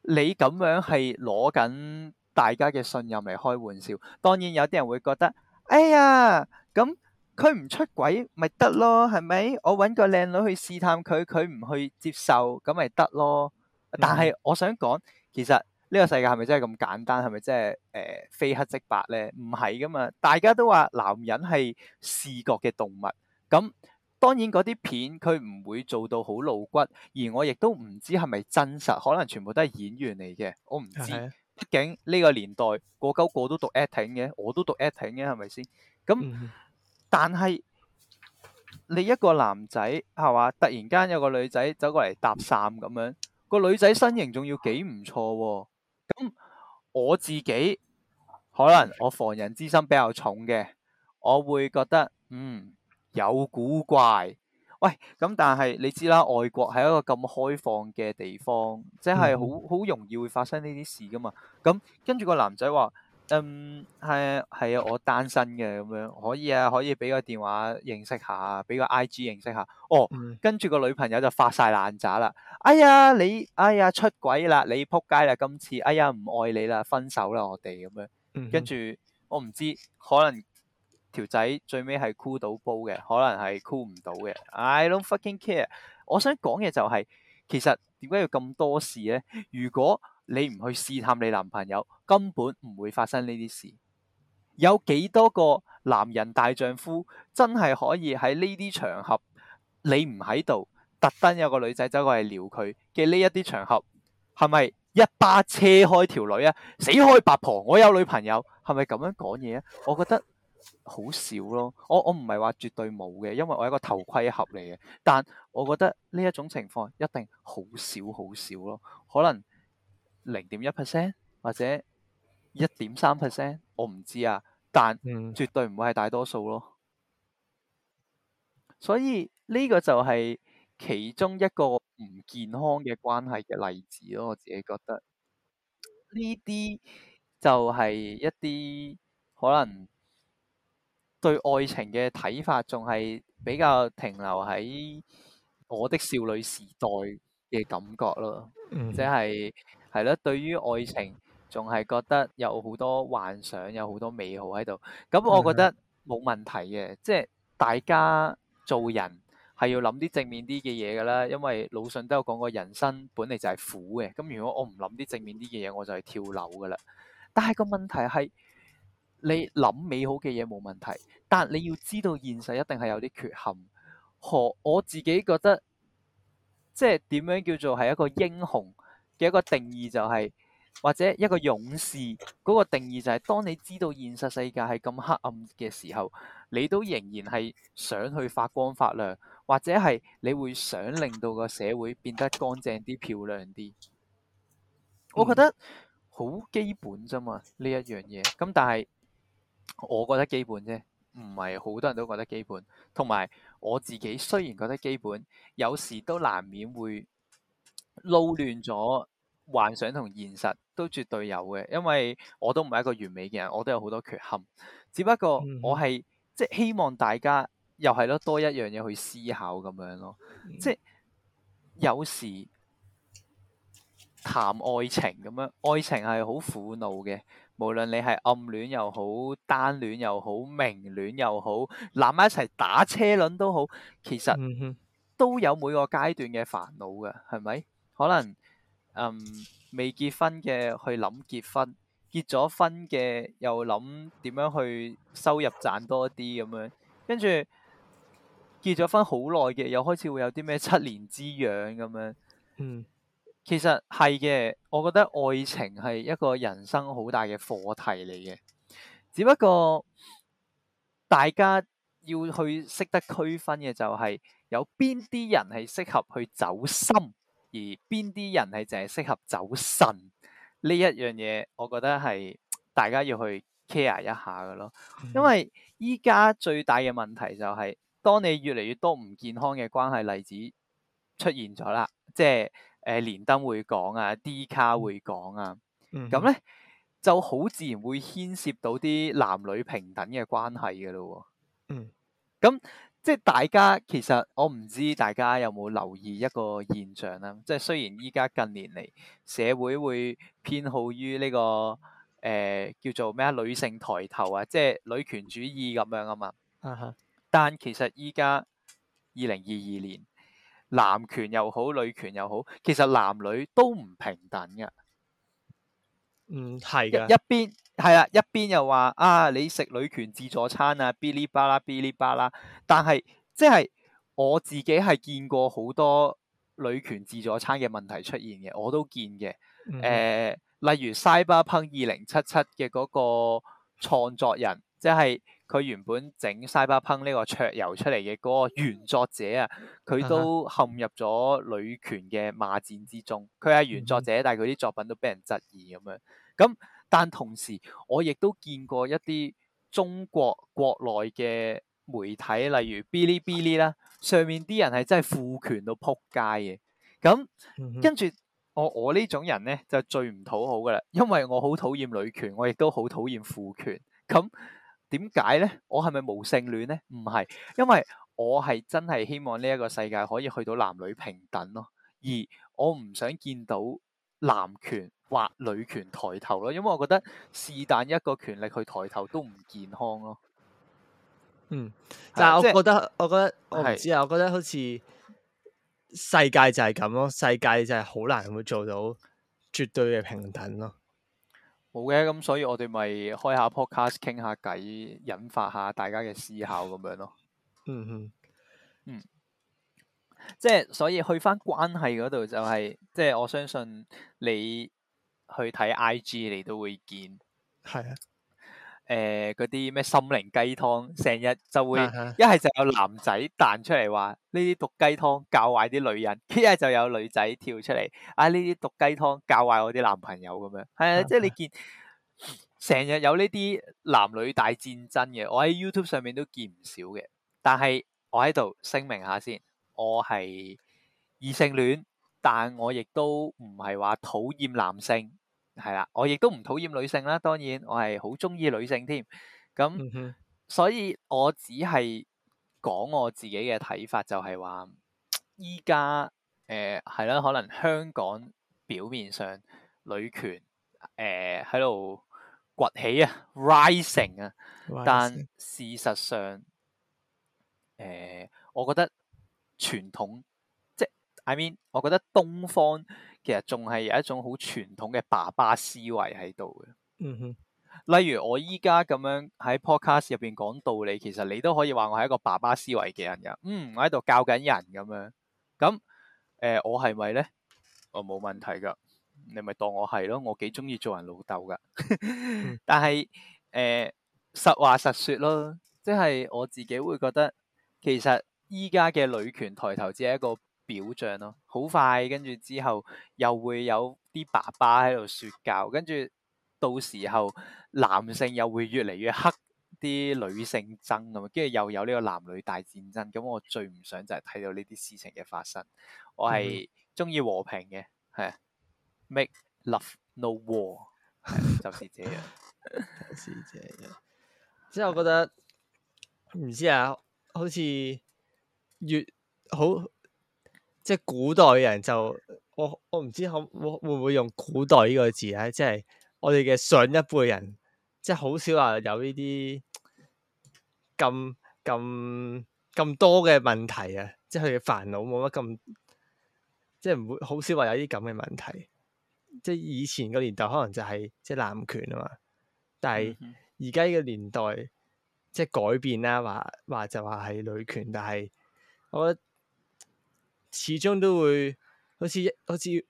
你咁樣係攞緊大家嘅信任嚟開玩笑，當然有啲人會覺得，哎呀咁。佢唔出軌咪得咯，係咪？我揾個靚女去試探佢，佢唔去接受咁咪得咯。但係我想講，其實呢個世界係咪真係咁簡單？係咪真係誒非黑即白呢？唔係噶嘛，大家都話男人係視覺嘅動物，咁當然嗰啲片佢唔會做到好露骨，而我亦都唔知係咪真實，可能全部都係演員嚟嘅，我唔知。畢竟呢個年代個鳩個都讀 acting 嘅，我都讀 acting 嘅，係咪先？咁但係你一個男仔係嘛？突然間有個女仔走過嚟搭訕咁樣，個女仔身形仲要幾唔錯喎。咁我自己可能我防人之心比較重嘅，我會覺得嗯，有古怪。喂，咁但係你知啦，外國係一個咁開放嘅地方，即係好好容易會發生呢啲事噶嘛。咁跟住個男仔話。嗯，係、um，啊，係啊，我單身嘅咁樣，可以啊，可以俾個電話認識下，俾個 IG 認識下。哦，嗯、跟住個女朋友就發晒爛渣啦。哎呀，你，哎呀，出軌啦，你撲街啦，今次，哎呀，唔愛你啦，分手啦，我哋咁樣。嗯、哼跟住，我唔知，可能條仔最尾係箍到煲嘅，可能係箍唔到嘅。I don't fucking care。我想講嘅就係、是，其實點解要咁多事咧？如果你唔去試探你男朋友，根本唔會發生呢啲事。有幾多個男人大丈夫真係可以喺呢啲場合，你唔喺度，特登有個女仔走過嚟撩佢嘅呢一啲場合，係咪一巴車開條女啊？死開八婆！我有女朋友，係咪咁樣講嘢啊？我覺得好少咯。我我唔係話絕對冇嘅，因為我係個頭盔盒嚟嘅。但我覺得呢一種情況一定好少好少咯，可能。零點一 percent 或者一點三 percent，我唔知啊，但絕對唔會係大多數咯。嗯、所以呢、呢個就係其中一個唔健康嘅關係嘅例子咯。我自己覺得呢啲就係一啲可能對愛情嘅睇法仲係比較停留喺我的少女時代嘅感覺咯，嗯、即係。係咯，對於愛情仲係覺得有好多幻想，有好多美好喺度。咁我覺得冇問題嘅，即係大家做人係要諗啲正面啲嘅嘢㗎啦。因為魯迅都有講過，人生本嚟就係苦嘅。咁如果我唔諗啲正面啲嘅嘢，我就係跳樓㗎啦。但係個問題係你諗美好嘅嘢冇問題，但你要知道現實一定係有啲缺陷。何我自己覺得即係點樣叫做係一個英雄？嘅一個定義就係，或者一個勇士嗰個定義就係，當你知道現實世界係咁黑暗嘅時候，你都仍然係想去發光發亮，或者係你會想令到個社會變得乾淨啲、漂亮啲。嗯，我覺得好基本啫嘛，呢一樣嘢。咁但係我覺得基本啫，唔係好多人都覺得基本。同埋我自己雖然覺得基本，有時都難免會。撈亂咗幻想同現實都絕對有嘅，因為我都唔係一個完美嘅人，我都有好多缺陷。只不過我係即係希望大家又係咯多一樣嘢去思考咁樣咯，即係有時談愛情咁樣，愛情係好苦惱嘅，無論你係暗戀又好，單戀又好，明戀又好，攬埋一齊打車輪都好，其實都有每個階段嘅煩惱嘅，係咪？可能嗯、未結婚嘅去諗結婚，結咗婚嘅又諗點樣去收入賺多啲咁樣，跟住結咗婚好耐嘅又開始會有啲咩七年之癢咁樣。嗯，其實係嘅，我覺得愛情係一個人生好大嘅課題嚟嘅，只不過大家要去識得區分嘅就係有邊啲人係適合去走心。而邊啲人係淨係適合走神，呢一樣嘢，我覺得係大家要去 care 一下嘅咯，因為依家最大嘅問題就係、是，當你越嚟越多唔健康嘅關係例子出現咗啦，即係誒、呃、連登會講啊，D 卡會講啊，咁咧、嗯、就好自然會牽涉到啲男女平等嘅關係嘅咯喎。嗯，咁、嗯。即係大家其實我唔知大家有冇留意一個現象啦，即係雖然依家近年嚟社會會偏好於呢、這個誒、呃、叫做咩啊女性抬頭啊，即係女權主義咁樣啊嘛，但其實依家二零二二年男權又好，女權又好，其實男女都唔平等㗎。嗯，係嘅一,一邊。係啦，一邊又話啊，你食女權自助餐啊，B 哩吧啦 B 哩吧啦，但係即係我自己係見過好多女權自助餐嘅問題出現嘅，我都見嘅。誒、呃，例如《西巴烹二零七七》嘅嗰個創作人，即係佢原本整《西巴烹》呢個桌遊出嚟嘅嗰個原作者啊，佢都陷入咗女權嘅罵戰之中。佢係原作者，但係佢啲作品都俾人質疑咁樣咁。但同時，我亦都見過一啲中國國內嘅媒體，例如 Bilibili 啦，上面啲人係真係父權到撲街嘅。咁跟住我，我呢種人咧就最唔討好噶啦，因為我好討厭女權，我亦都好討厭父權。咁點解咧？我係咪無性戀咧？唔係，因為我係真係希望呢一個世界可以去到男女平等咯，而我唔想見到，男權或女權抬頭咯，因為我覺得是但一個權力去抬頭都唔健康咯。嗯，但係我，就係，我覺得，我覺得我唔知啊，係，我覺得好似世界就係咁咯，世界就係好難會做到絕對嘅平等咯。冇嘅，咁所以我哋咪開下 podcast 傾下偈，引發下大家嘅思考咁樣咯。嗯哼，嗯，嗯。即係，所以去翻關係嗰度就係、是，即係我相信你去睇 IG 你都會見係啊，誒嗰啲咩心靈雞湯成日就會一係 [LAUGHS] 就有男仔彈出嚟話呢啲毒雞湯教壞啲女人，一係就有女仔跳出嚟啊呢啲毒雞湯教壞我啲男朋友咁樣，係啊 [LAUGHS] 即係你見成日有呢啲男女大戰爭嘅，我喺 YouTube 上面都見唔少嘅，但係我喺度聲明下先。我係異性戀，但我亦都唔係話討厭男性，係啦，我亦都唔討厭女性啦。當然，我係好中意女性添。咁，嗯、哼所以我只係講我自己嘅睇法就，就係話依家誒係啦，可能香港表面上女權誒喺度崛起啊，rising 啊，但事實上誒、呃，我覺得。傳統即 I mean，我覺得東方其實仲係有一種好傳統嘅爸爸思維喺度嘅。嗯哼，例如我依家咁樣喺 Podcast 入邊講道理，其實你都可以話我係一個爸爸思維嘅人㗎。嗯，我喺度教緊人咁樣。咁、嗯、誒、呃，我係咪咧？我冇問題㗎，你咪當我係咯。我幾中意做人老豆㗎。 [LAUGHS] 但係誒、呃，實話實說咯，即係我自己會覺得其實。依家嘅女權抬頭只係一個表象咯，好快跟住之後又會有啲爸爸喺度説教，跟住 [MUSIC] 到時候男性又會越嚟越黑啲女性爭咁，跟住又有呢個男女大戰爭。咁、mm, 我最唔想就係睇到呢啲事情嘅發生。我係中意和平嘅，係啊，make love no war，係， [MUSIC] 就是這樣， [LAUGHS] [MUSIC] 就是這樣。之後 [MUSIC] [MUSIC] [MUSIC] 覺得唔知啊，好似～越好，即係古代人就我我唔知可我會會唔會用古代呢個字咧？即係我哋嘅上一輩人，即係好少話有呢啲咁咁咁多嘅問題啊！即係佢嘅煩惱冇乜咁，即係唔會好少話有啲咁嘅問題。即係以前個年代可能就係即係男權啊嘛，但係而家呢個年代即係改變啦，話話就話係女權，但係。我始終都會好似一好似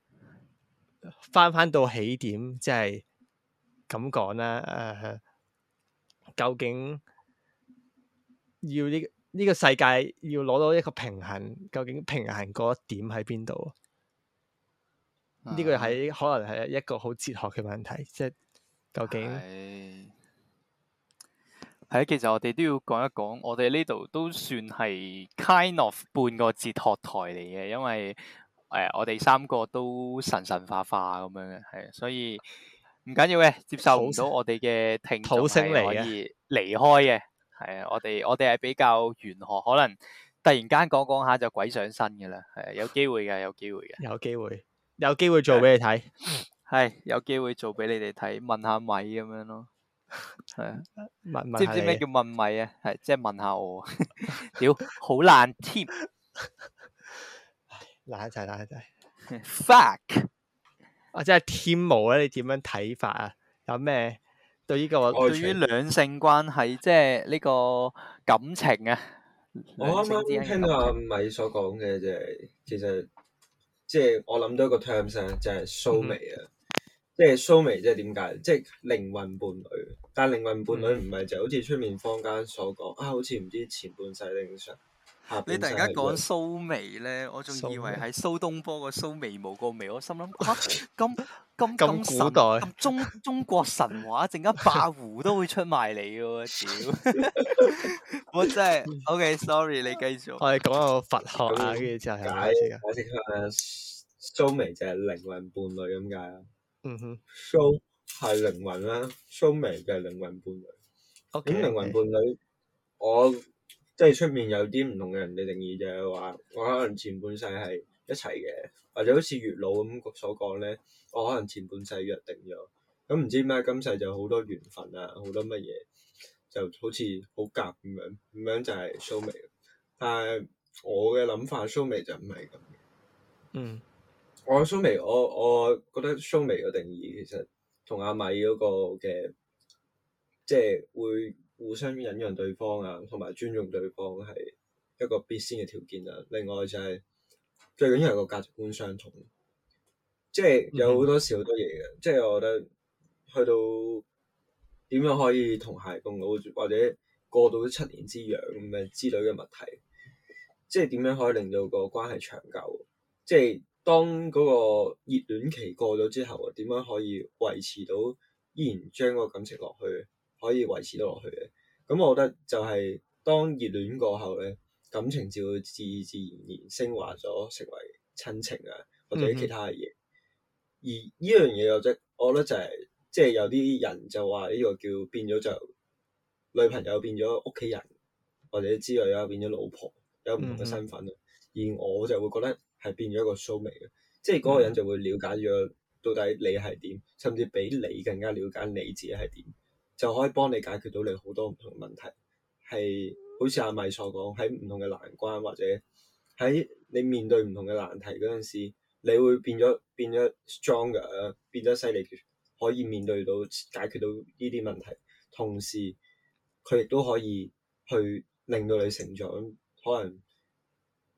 翻返到起點，即係咁講啦。誒、呃，究竟要呢呢、呢個世界要攞到一個平衡，究竟平衡嗰點喺邊度？呢、啊、個係可能係一個好哲學嘅問題，即係究竟。係，其實我哋都要講一講，我哋呢度都算係 kind of 半個哲學台嚟嘅，因為誒、哎、我哋三個都神神化化咁樣嘅，係，所以唔緊要嘅，接受唔到我哋嘅聽眾係星可以離開嘅。係啊，我哋我哋係比較玄學，可能突然間講講下就鬼上身嘅啦，係，有機會嘅，有機會嘅，有機會，有機會做俾你睇，係，有機會做俾你哋睇，問下米咁樣咯。係啊、嗯，知唔知咩叫問米啊？係即係問下我，屌 [LAUGHS] 好難貼，爛晒爛晒。Fuck！或者係貼毛咧？你點樣睇法啊？有咩對呢個？對於兩性關係，即係呢個感情啊？我啱啱聽到阿、啊、米所講嘅就係、是，其實即係我諗到一個 terms 咧、so 嗯，就係蘇眉啊。即係蘇眉，即係點解？即係靈魂伴侶，但靈魂伴侶唔係就好似出面坊間所講、嗯、啊，好似唔知前半世定上。你突然間講蘇眉咧，啊、我仲以為係蘇東坡個蘇眉毛個眉，我心諗吓咁咁咁古代、咁中中國神話，陣間白狐都會出埋嚟嘅喎，屌、啊！我 [LAUGHS] 真係，OK，sorry，、okay, 你繼續。嗯、講我哋講下佛學啊，跟住之後解解釋下蘇眉就係靈魂伴侶咁解啊。嗯哼，Soul 係靈魂啦，Soulmate 就係靈魂伴侶。Okay, okay. 咁靈魂伴侶，我即係出面有啲唔同嘅人嘅定義就係話，我可能前半世係一齊嘅，或者好似月老咁所講咧，我可能前半世約定咗。咁唔知咩今世就好多緣分啊，好多乜嘢，就好似好夾咁樣，咁樣就係 Soulmate。但係我嘅諗法，Soulmate 就唔係咁嘅。嗯。我蘇眉，我我覺得蘇眉嘅定義其實同阿米嗰個嘅，即係會互相忍讓對方啊，同埋尊重對方係一個必先嘅條件啊。另外就係最緊要係個價值觀相同，即係有好多事好多嘢嘅。即係、嗯、我覺得去到點樣可以同偕共老，或者過到七年之癢咁嘅之類嘅物體，即係點樣可以令到個關係長久，即係。當嗰個熱戀期過咗之後，點樣可以維持到依然將嗰個感情落去，可以維持到落去嘅？咁我覺得就係當熱戀過後咧，感情就會自自然然升華咗，成為親情啊，或者其他嘅嘢。嗯、哼而呢樣嘢有則，我覺得就係即係有啲人就話呢個叫變咗就女朋友變咗屋企人，或者之類啦，變咗老婆，有唔同嘅身份。嗯而我就會覺得係變咗一個 show 味嘅，即係嗰個人就會了解咗到底你係點，甚至比你更加了解你自己係點，就可以幫你解決到你好多唔同嘅問題，係好似阿米所講，喺唔同嘅難關或者喺你面對唔同嘅難題嗰陣時，你會變咗變咗 stronger，變咗犀利，可以面對到解決到呢啲問題，同時佢亦都可以去令到你成長可能。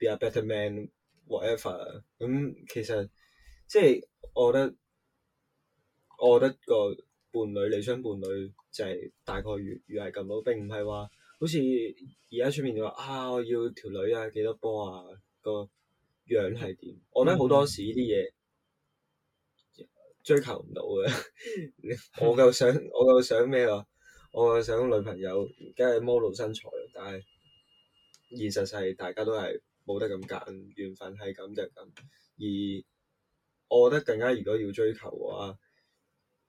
be a better man whatever 咁，其實即係、就是、我覺得，我覺得個伴侶理想伴侶就係大概越越係咁囉，並唔係話好似而家出面話啊，我要條女啊幾多波啊個樣係點、嗯、我覺得好多時呢啲嘢追求唔到嘅。我夠想我夠想咩話？我夠想女朋友而家係 model 身材，但係現實係大家都係。冇得咁揀，緣分係咁就係咁。而我覺得更加，如果要追求嘅話，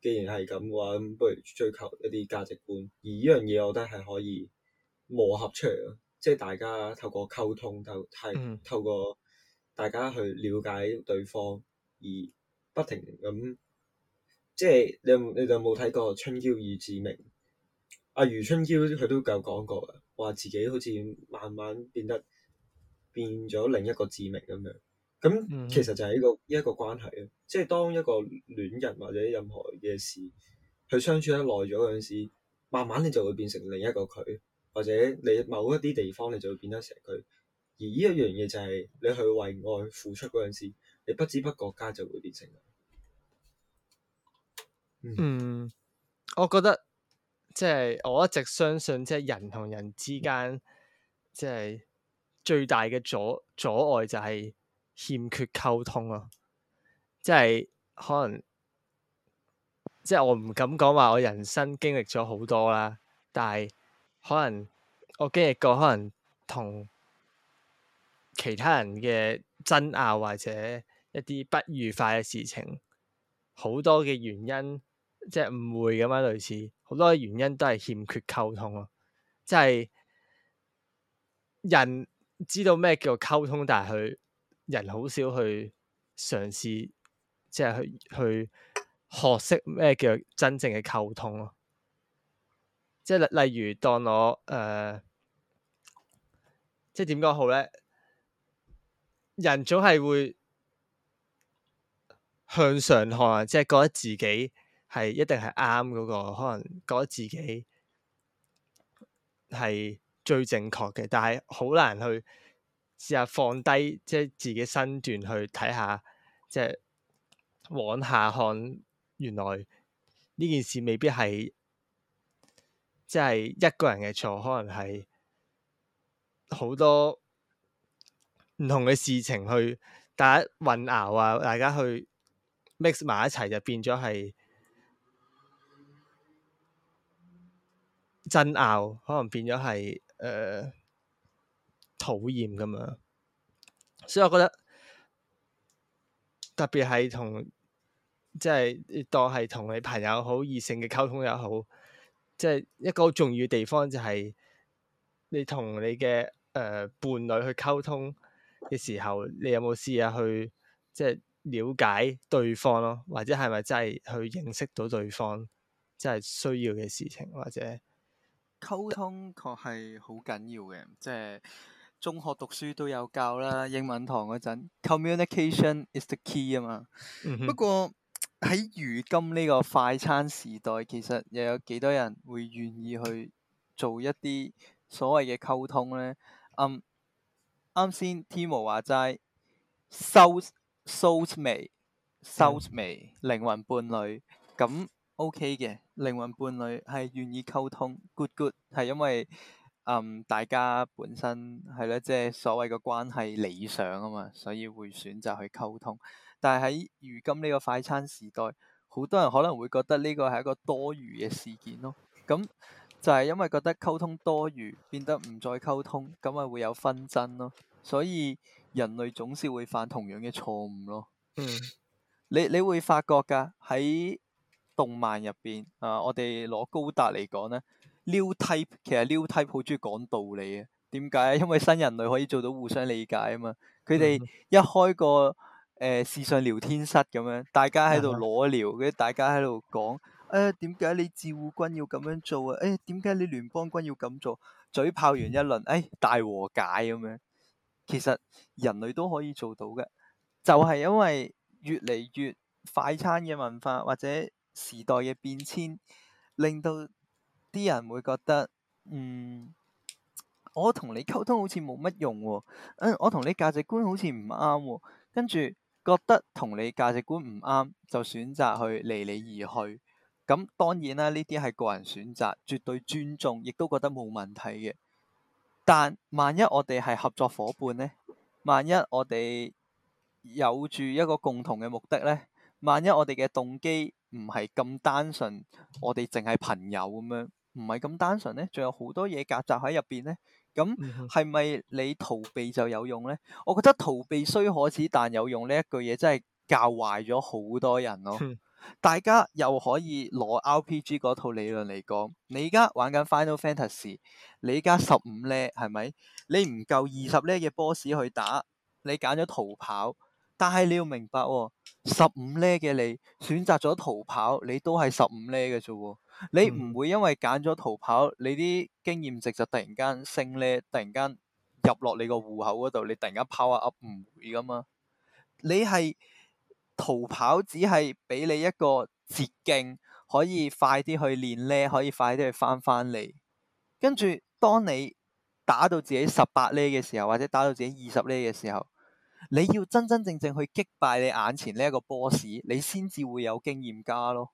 既然係咁嘅話，咁不如追求一啲價值觀。而呢樣嘢，我覺得係可以磨合出嚟咯，即係大家透過溝通，透係、嗯、透過大家去了解對方，而不停咁。即係你有你有冇睇過春嬌與志明？阿余春嬌佢都有講過啦，話自己好似慢慢變得。變咗另一個字名咁樣，咁其實就係一個一個關係啊！即係當一個戀人或者任何嘅事去相處得耐咗嗰陣時，慢慢你就會變成另一個佢，或者你某一啲地方你就會變得成佢。而呢一樣嘢就係你去為愛付出嗰陣時，你不知不覺間就會變成。嗯，嗯我覺得即係我一直相信，即係人同人之間即係。最大嘅阻阻礙就係欠缺溝通咯、啊，即係可能即係我唔敢講話。我人生經歷咗好多啦，但係可能我經歷過可能同其他人嘅爭拗或者一啲不愉快嘅事情，好多嘅原因即係誤會咁樣，類似好多嘅原因都係欠缺溝通咯、啊，即係人，知道咩叫溝通，但係佢人好少去嘗試，即係去去學識咩叫真正嘅溝通咯。即係例例如，當我誒、呃，即係點講好咧？人總係會向上看，即係覺得自己係一定係啱嗰個，可能覺得自己係。最正確嘅，但係好難去試下放低即係自己身段去睇下，即係往下看，原來呢件事未必係即係一個人嘅錯，可能係好多唔同嘅事情去大家混淆啊，大家去 mix 埋一齊就變咗係爭拗，可能變咗係。誒，討厭咁樣，所以我覺得特別係同即係當係同你朋友好，異性嘅溝通又好，即係一個好重要嘅地方就係、是、你同你嘅誒、呃、伴侶去溝通嘅時候，你有冇試下去即係了解對方咯，或者係咪真係去認識到對方即係需要嘅事情或者？溝通確係好緊要嘅，即係中學讀書都有教啦，英文堂嗰陣，communication is the key 啊嘛。Mm-hmm. 不過喺如今呢個快餐時代，其實又有幾多人會願意去做一啲所謂嘅溝通呢？啱、um, 啱先 Timo 話齋，soul soul mate soul mate 靈魂伴侶咁。OK 嘅靈魂伴侶係願意溝通，good good 係因為嗯大家本身係咯，即係所謂嘅關係理想啊嘛，所以會選擇去溝通。但係喺如今呢個快餐時代，好多人可能會覺得呢個係一個多餘嘅事件咯。咁就係因為覺得溝通多餘，變得唔再溝通，咁咪會有紛爭咯。所以人類總是會犯同樣嘅錯誤咯。嗯、mm.，你你會發覺噶喺。動漫入邊啊，我哋攞高達嚟講咧，New Type 其實 New Type 好中意講道理嘅，點解？因為新人類可以做到互相理解啊嘛。佢哋一開個誒、呃、視訊聊天室咁樣，大家喺度裸聊，跟住大家喺度講誒，點解你自護軍要咁樣做啊？誒、哎，點解你聯邦軍要咁做？嘴炮完一輪，誒、哎，大和解咁樣。其實人類都可以做到嘅，就係、是、因為越嚟越快餐嘅文化或者。時代嘅變遷令到啲人會覺得，嗯，我同你溝通好似冇乜用喎，哦。嗯，我同你價值觀好似唔啱，跟住覺得同你價值觀唔啱，就選擇去離你而去。咁當然啦，呢啲係個人選擇，絕對尊重，亦都覺得冇問題嘅。但萬一我哋係合作夥伴呢？萬一我哋有住一個共同嘅目的呢？萬一我哋嘅動機……唔係咁單純，我哋淨係朋友咁樣，唔係咁單純咧，仲有好多嘢夾雜喺入邊咧。咁係咪你逃避就有用咧？我覺得逃避雖可恥，但有用呢一句嘢真係教壞咗好多人咯。 [LAUGHS] 大家又可以攞 RPG 嗰套理論嚟講，你而家玩緊 Final Fantasy，你而家十五 level 係咪？你唔夠二十 level 嘅 boss 去打，你揀咗逃跑。但係你要明白喎、哦，十五呢嘅你選擇咗逃跑，你都係十五呢嘅啫喎。你唔會因為揀咗逃跑，你啲經驗值就突然間升呢，突然間入落你個戶口嗰度，你突然間 power up 唔會㗎嘛。你係逃跑只係俾你一個捷徑，可以快啲去練呢，可以快啲去返返嚟。跟住當你打到自己十八呢嘅時候，或者打到自己二十呢嘅時候。你要真真正正去擊敗你眼前呢一個 boss，你先至會有經驗加咯。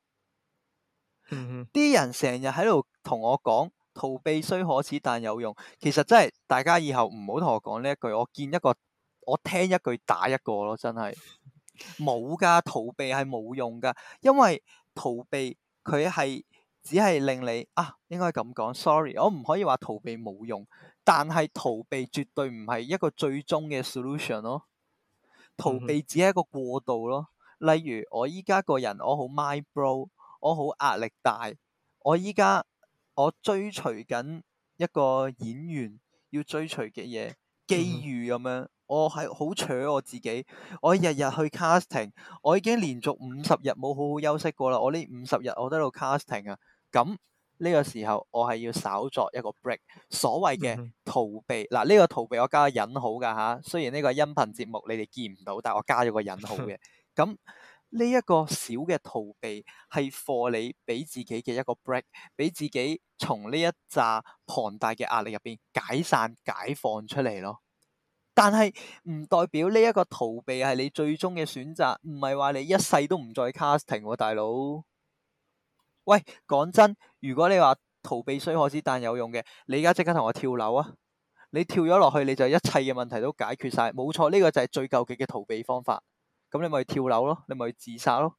啲、mm hmm。人成日喺度同我講，逃避雖可恥，但有用。其實真係大家以後唔好同我講呢一句。我見一個，我聽一句，打一個咯。真係冇噶，逃避係冇用噶，因為逃避佢係只係令你啊，應該咁講。Sorry，我唔可以話逃避冇用，但係逃避絕對唔係一個最終嘅 solution 咯。逃避只係一個過度咯。例如我依家個人，我好 my bro，我好壓力大。我依家我追隨緊一個演員要追隨嘅嘢，機遇咁樣。我係好扯我自己，我日日去 casting，我已經連續五十日冇好好休息過啦。我呢五十日我都喺度 casting 啊，咁。呢個時候，我係要稍作一個 break。所謂嘅逃避，嗱、這、呢個逃避我加引號㗎吓，雖然呢個音頻節目你哋見唔到，但係我加咗個引號嘅。咁呢一個、這個、小嘅逃避係貨你俾自己嘅一個 break，俾自己從呢一紮龐大嘅壓力入邊解散、解放出嚟咯。但係唔代表呢一個逃避係你最終嘅選擇，唔係話你一世都唔再 casting 喎，大佬。喂，講真，如果你話逃避雖可恥，但有用嘅，你而家即刻同我跳樓啊！你跳咗落去，你就一切嘅問題都解決晒。冇錯，呢個就係最究極嘅逃避方法。咁你咪去跳樓咯，你咪去自殺咯。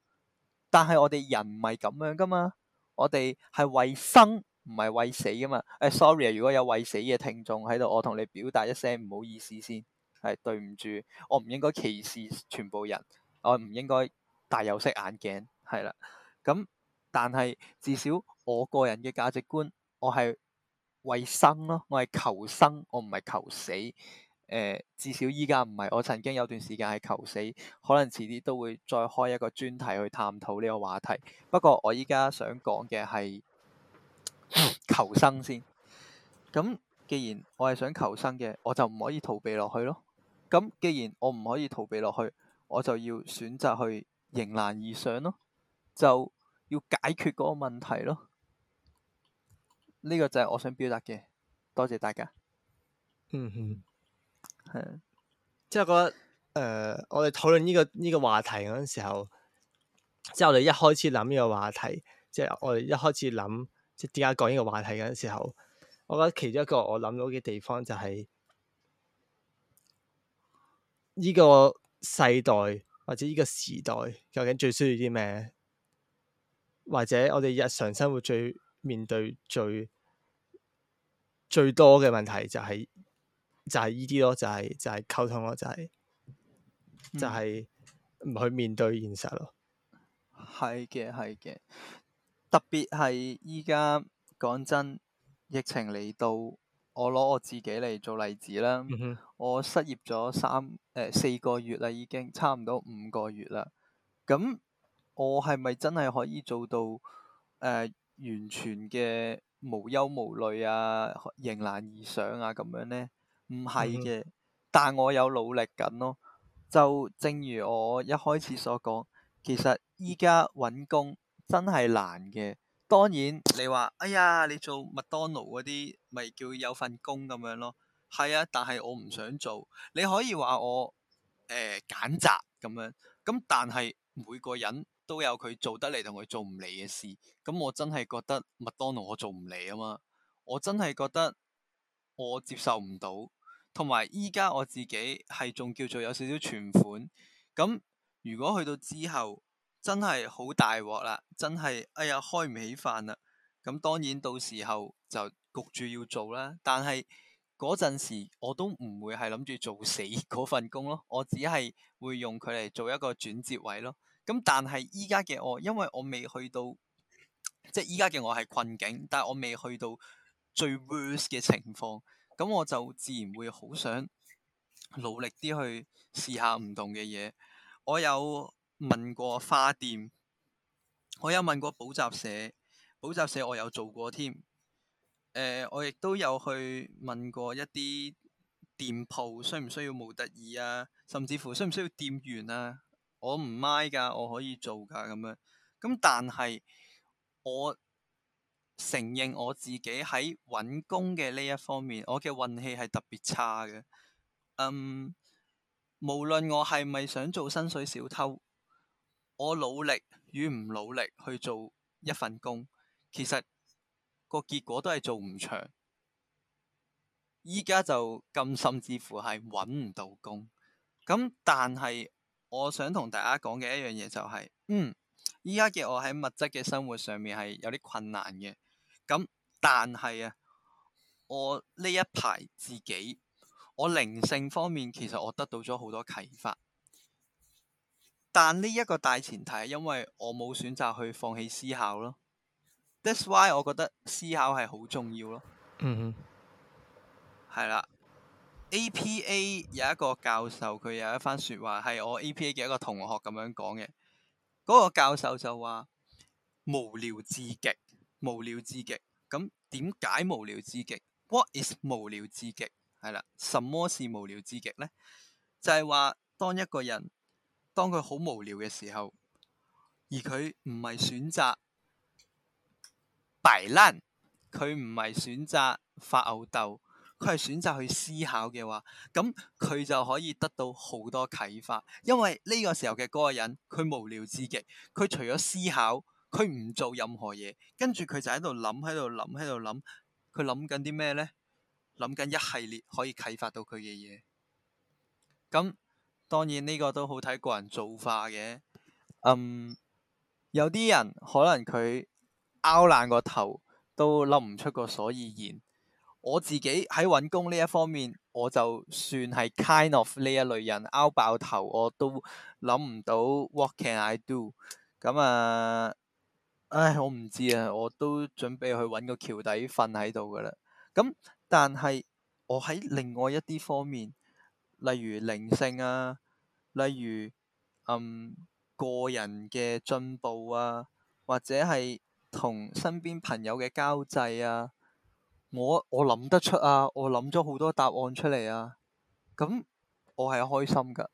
但係我哋人唔係咁樣噶嘛，我哋係為生唔係為死噶嘛。誒、哎，sorry 啊，如果有為死嘅聽眾喺度，我同你表達一聲唔好意思先，係對唔住，我唔應該歧視全部人，我唔應該戴有色眼鏡，係啦，咁。但係至少我個人嘅價值觀，我係為生咯，我係求生，我唔係求死。誒、呃，至少依家唔係。我曾經有段時間係求死，可能遲啲都會再開一個專題去探討呢個話題。不過我依家想講嘅係求生先。咁既然我係想求生嘅，我就唔可以逃避落去咯。咁既然我唔可以逃避落去，我就要選擇去迎難而上咯，就。要解決嗰個問題咯，呢、這個就係我想表達嘅。多謝大家。嗯哼，係。即係我覺得，誒、呃，我哋討論呢、這個呢、這個話題嗰陣時候，即係我哋一開始諗呢個話題，即、就、係、是、我哋一開始諗即係點解講呢個話題嗰陣時候，我覺得其中一個我諗到嘅地方就係呢個世代或者呢個時代究竟最需要啲咩？或者我哋日常生活最面對最最多嘅問題就係、係、就係呢啲咯，就係、係、就係、係、溝通咯，就係、係、就係、係、唔去面對現實咯。係嘅，係嘅。特別係依家講真，疫情嚟到，我攞我自己嚟做例子啦。嗯、哼我失業咗三誒、呃、四個月啦，已經差唔多五個月啦。咁我係咪真係可以做到誒、呃、完全嘅無憂無慮啊，迎難而上啊咁樣呢？唔係嘅，嗯、但我有努力緊咯。就正如我一開始所講，其實依家揾工真係難嘅。當然你話，哎呀，你做麥當勞嗰啲，咪叫有份工咁樣咯。係啊，但係我唔想做。你可以話我誒揀擇咁樣。咁但係每個人，都有佢做得嚟同佢做唔嚟嘅事，咁我真係覺得麥當勞我做唔嚟啊嘛，我真係覺得我接受唔到，同埋依家我自己係仲叫做有少少存款，咁如果去到之後真係好大鑊啦，真係哎呀開唔起飯啦，咁當然到時候就焗住要做啦，但係嗰陣時我都唔會係諗住做死嗰份工咯，我只係會用佢嚟做一個轉接位咯。咁但係依家嘅我，因為我未去到，即係依家嘅我係困境，但係我未去到最 worse 嘅情況，咁我就自然會好想努力啲去試下唔同嘅嘢。我有問過花店，我有問過補習社，補習社我有做過添。誒、呃，我亦都有去問過一啲店鋪，需唔需要模特兒啊？甚至乎需唔需要店員啊？我唔咪噶，我可以做噶咁樣。咁但係我承認我自己喺揾工嘅呢一方面，我嘅運氣係特別差嘅。嗯，無論我係咪想做薪水小偷，我努力與唔努力去做一份工，其實個結果都係做唔長。依家就咁，甚至乎係揾唔到工。咁但係。我想同大家講嘅一樣嘢就係、是，嗯，依家嘅我喺物質嘅生活上面係有啲困難嘅，咁但係啊，我呢一排自己，我靈性方面其實我得到咗好多啟發，但呢一個大前提係因為我冇選擇去放棄思考咯。That's why 我覺得思考係好重要咯。嗯哼，係啦。A.P.A 有一個教授，佢有一番說話，係我 A.P.A 嘅一個同學咁樣講嘅。嗰、那個教授就話無聊至極，無聊至極。咁點解無聊至極？What is 無聊至極？係啦，什麼是無聊至極呢？就係、是、話當一個人當佢好無聊嘅時候，而佢唔係選擇擺爛，佢唔係選擇發吽斗。佢係選擇去思考嘅話，咁佢就可以得到好多啟發，因為呢個時候嘅嗰個人，佢無聊之極，佢除咗思考，佢唔做任何嘢，跟住佢就喺度諗，喺度諗，喺度諗，佢諗緊啲咩呢？諗緊一系列可以啟發到佢嘅嘢。咁當然呢個都好睇個人造化嘅。嗯，有啲人可能佢拗爛個頭都諗唔出個所以然。我自己喺揾工呢一方面，我就算係 kind of 呢一類人，拗爆頭我都諗唔到 what can I do 咁啊！唉，我唔知啊，我都準備去揾個橋底瞓喺度噶啦。咁但係我喺另外一啲方面，例如靈性啊，例如嗯個人嘅進步啊，或者係同身邊朋友嘅交際啊。我我諗得出啊，我諗咗好多答案出嚟啊，咁我係開心噶，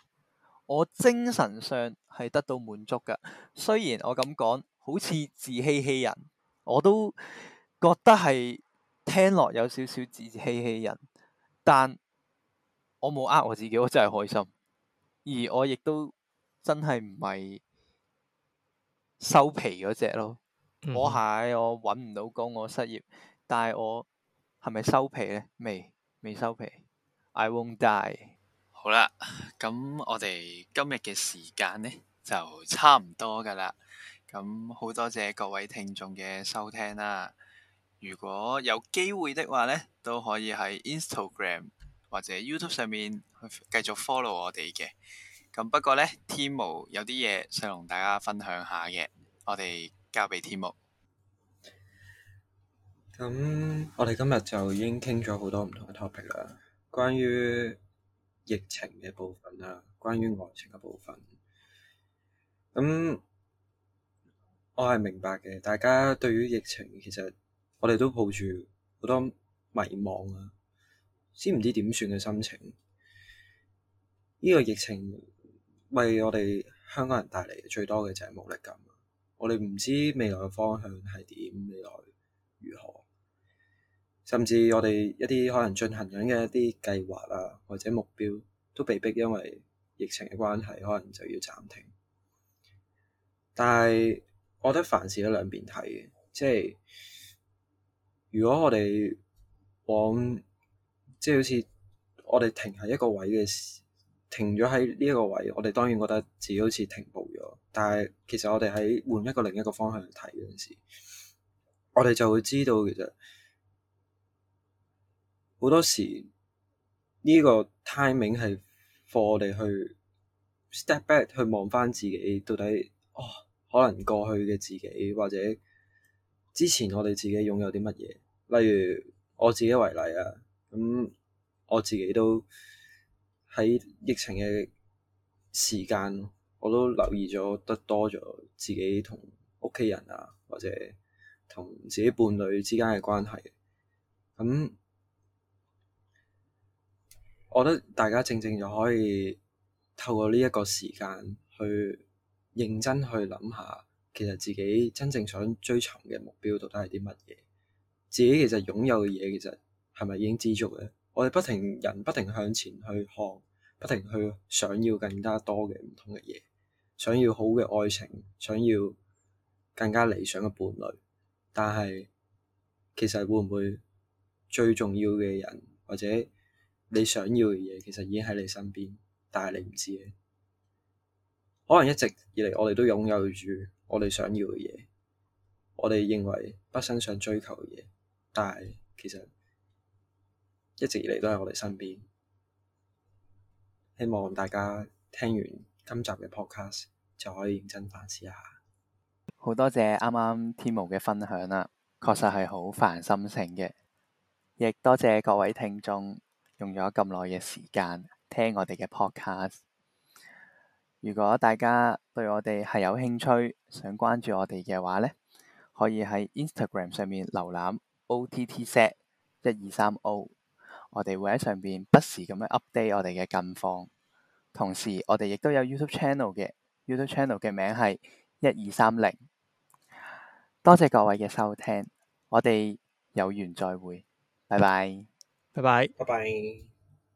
我精神上係得到滿足噶。雖然我咁講，好似自欺欺人，我都覺得係聽落有少少自欺欺人，但我冇呃我自己，我真係開心。而我亦都真係唔係收皮嗰隻咯，我係我揾唔到工，我失業，但係我。係咪收皮呢？未，未收皮。I won't die。好啦，咁我哋今日嘅時間呢，就差唔多噶啦。咁好多謝各位聽眾嘅收聽啦。如果有機會的話呢，都可以喺 Instagram 或者 YouTube 上面去繼續 follow 我哋嘅。咁不過呢，Timo 有啲嘢想同大家分享下嘅，我哋交俾 Timo。咁、嗯、我哋今日就已經傾咗好多唔同嘅 topic 啦，關於疫情嘅部分啦，啊，關於愛情嘅部分。咁、嗯、我係明白嘅，大家對於疫情其實我哋都抱住好多迷茫啊，知唔知點算嘅心情？呢，呢個疫情為我哋香港人帶嚟最多嘅就係無力感，我哋唔知未來嘅方向係點，未來如何？甚至我哋一啲可能進行緊嘅一啲計劃啊，或者目標都被逼因為疫情嘅關係，可能就要暫停。但係，我覺得凡事都兩邊睇嘅，即係如果我哋往即係好似我哋停喺一個位嘅時，停咗喺呢一個位，我哋當然覺得自己好似停步咗。但係，其實我哋喺換一個另一個方向去睇嗰陣時，我哋就會知道其實。好多時呢個 timing 係 for 我哋去 step back 去望翻自己，到底哦，可能過去嘅自己或者之前我哋自己擁有啲乜嘢。例如我自己為例啊，咁我自己都喺疫情嘅時間，我都留意咗得多咗自己同屋企人啊，或者同自己伴侶之間嘅關係。咁我覺得大家正正就可以透過呢一個時間去認真去諗下，其實自己真正想追尋嘅目標到底係啲乜嘢？自己其實擁有嘅嘢其實係咪已經知足咧？我哋不停人不停向前去看，不停去想要更加多嘅唔同嘅嘢，想要好嘅愛情，想要更加理想嘅伴侶，但係其實會唔會最重要嘅人或者？你想要嘅嘢，其實已經喺你身邊，但係你唔知。可能一直以嚟，我哋都擁有住我哋想要嘅嘢，我哋認為畢生想追求嘅嘢，但係其實一直以嚟都喺我哋身邊。希望大家聽完今集嘅 podcast 就可以認真反思一下。好多謝啱啱天慕嘅分享啦，確實係好煩心情嘅，亦多謝各位聽眾。用咗咁耐嘅時間聽我哋嘅 podcast，如果大家對我哋係有興趣，想關注我哋嘅話呢，可以喺 Instagram 上面瀏覽 ottz 一二三 O，我哋會喺上面不時咁樣 update 我哋嘅近況。同時，我哋亦都有 you channel YouTube channel 嘅 YouTube channel 嘅名係一二三零。多謝各位嘅收聽，我哋有緣再會，拜拜。拜拜，拜拜。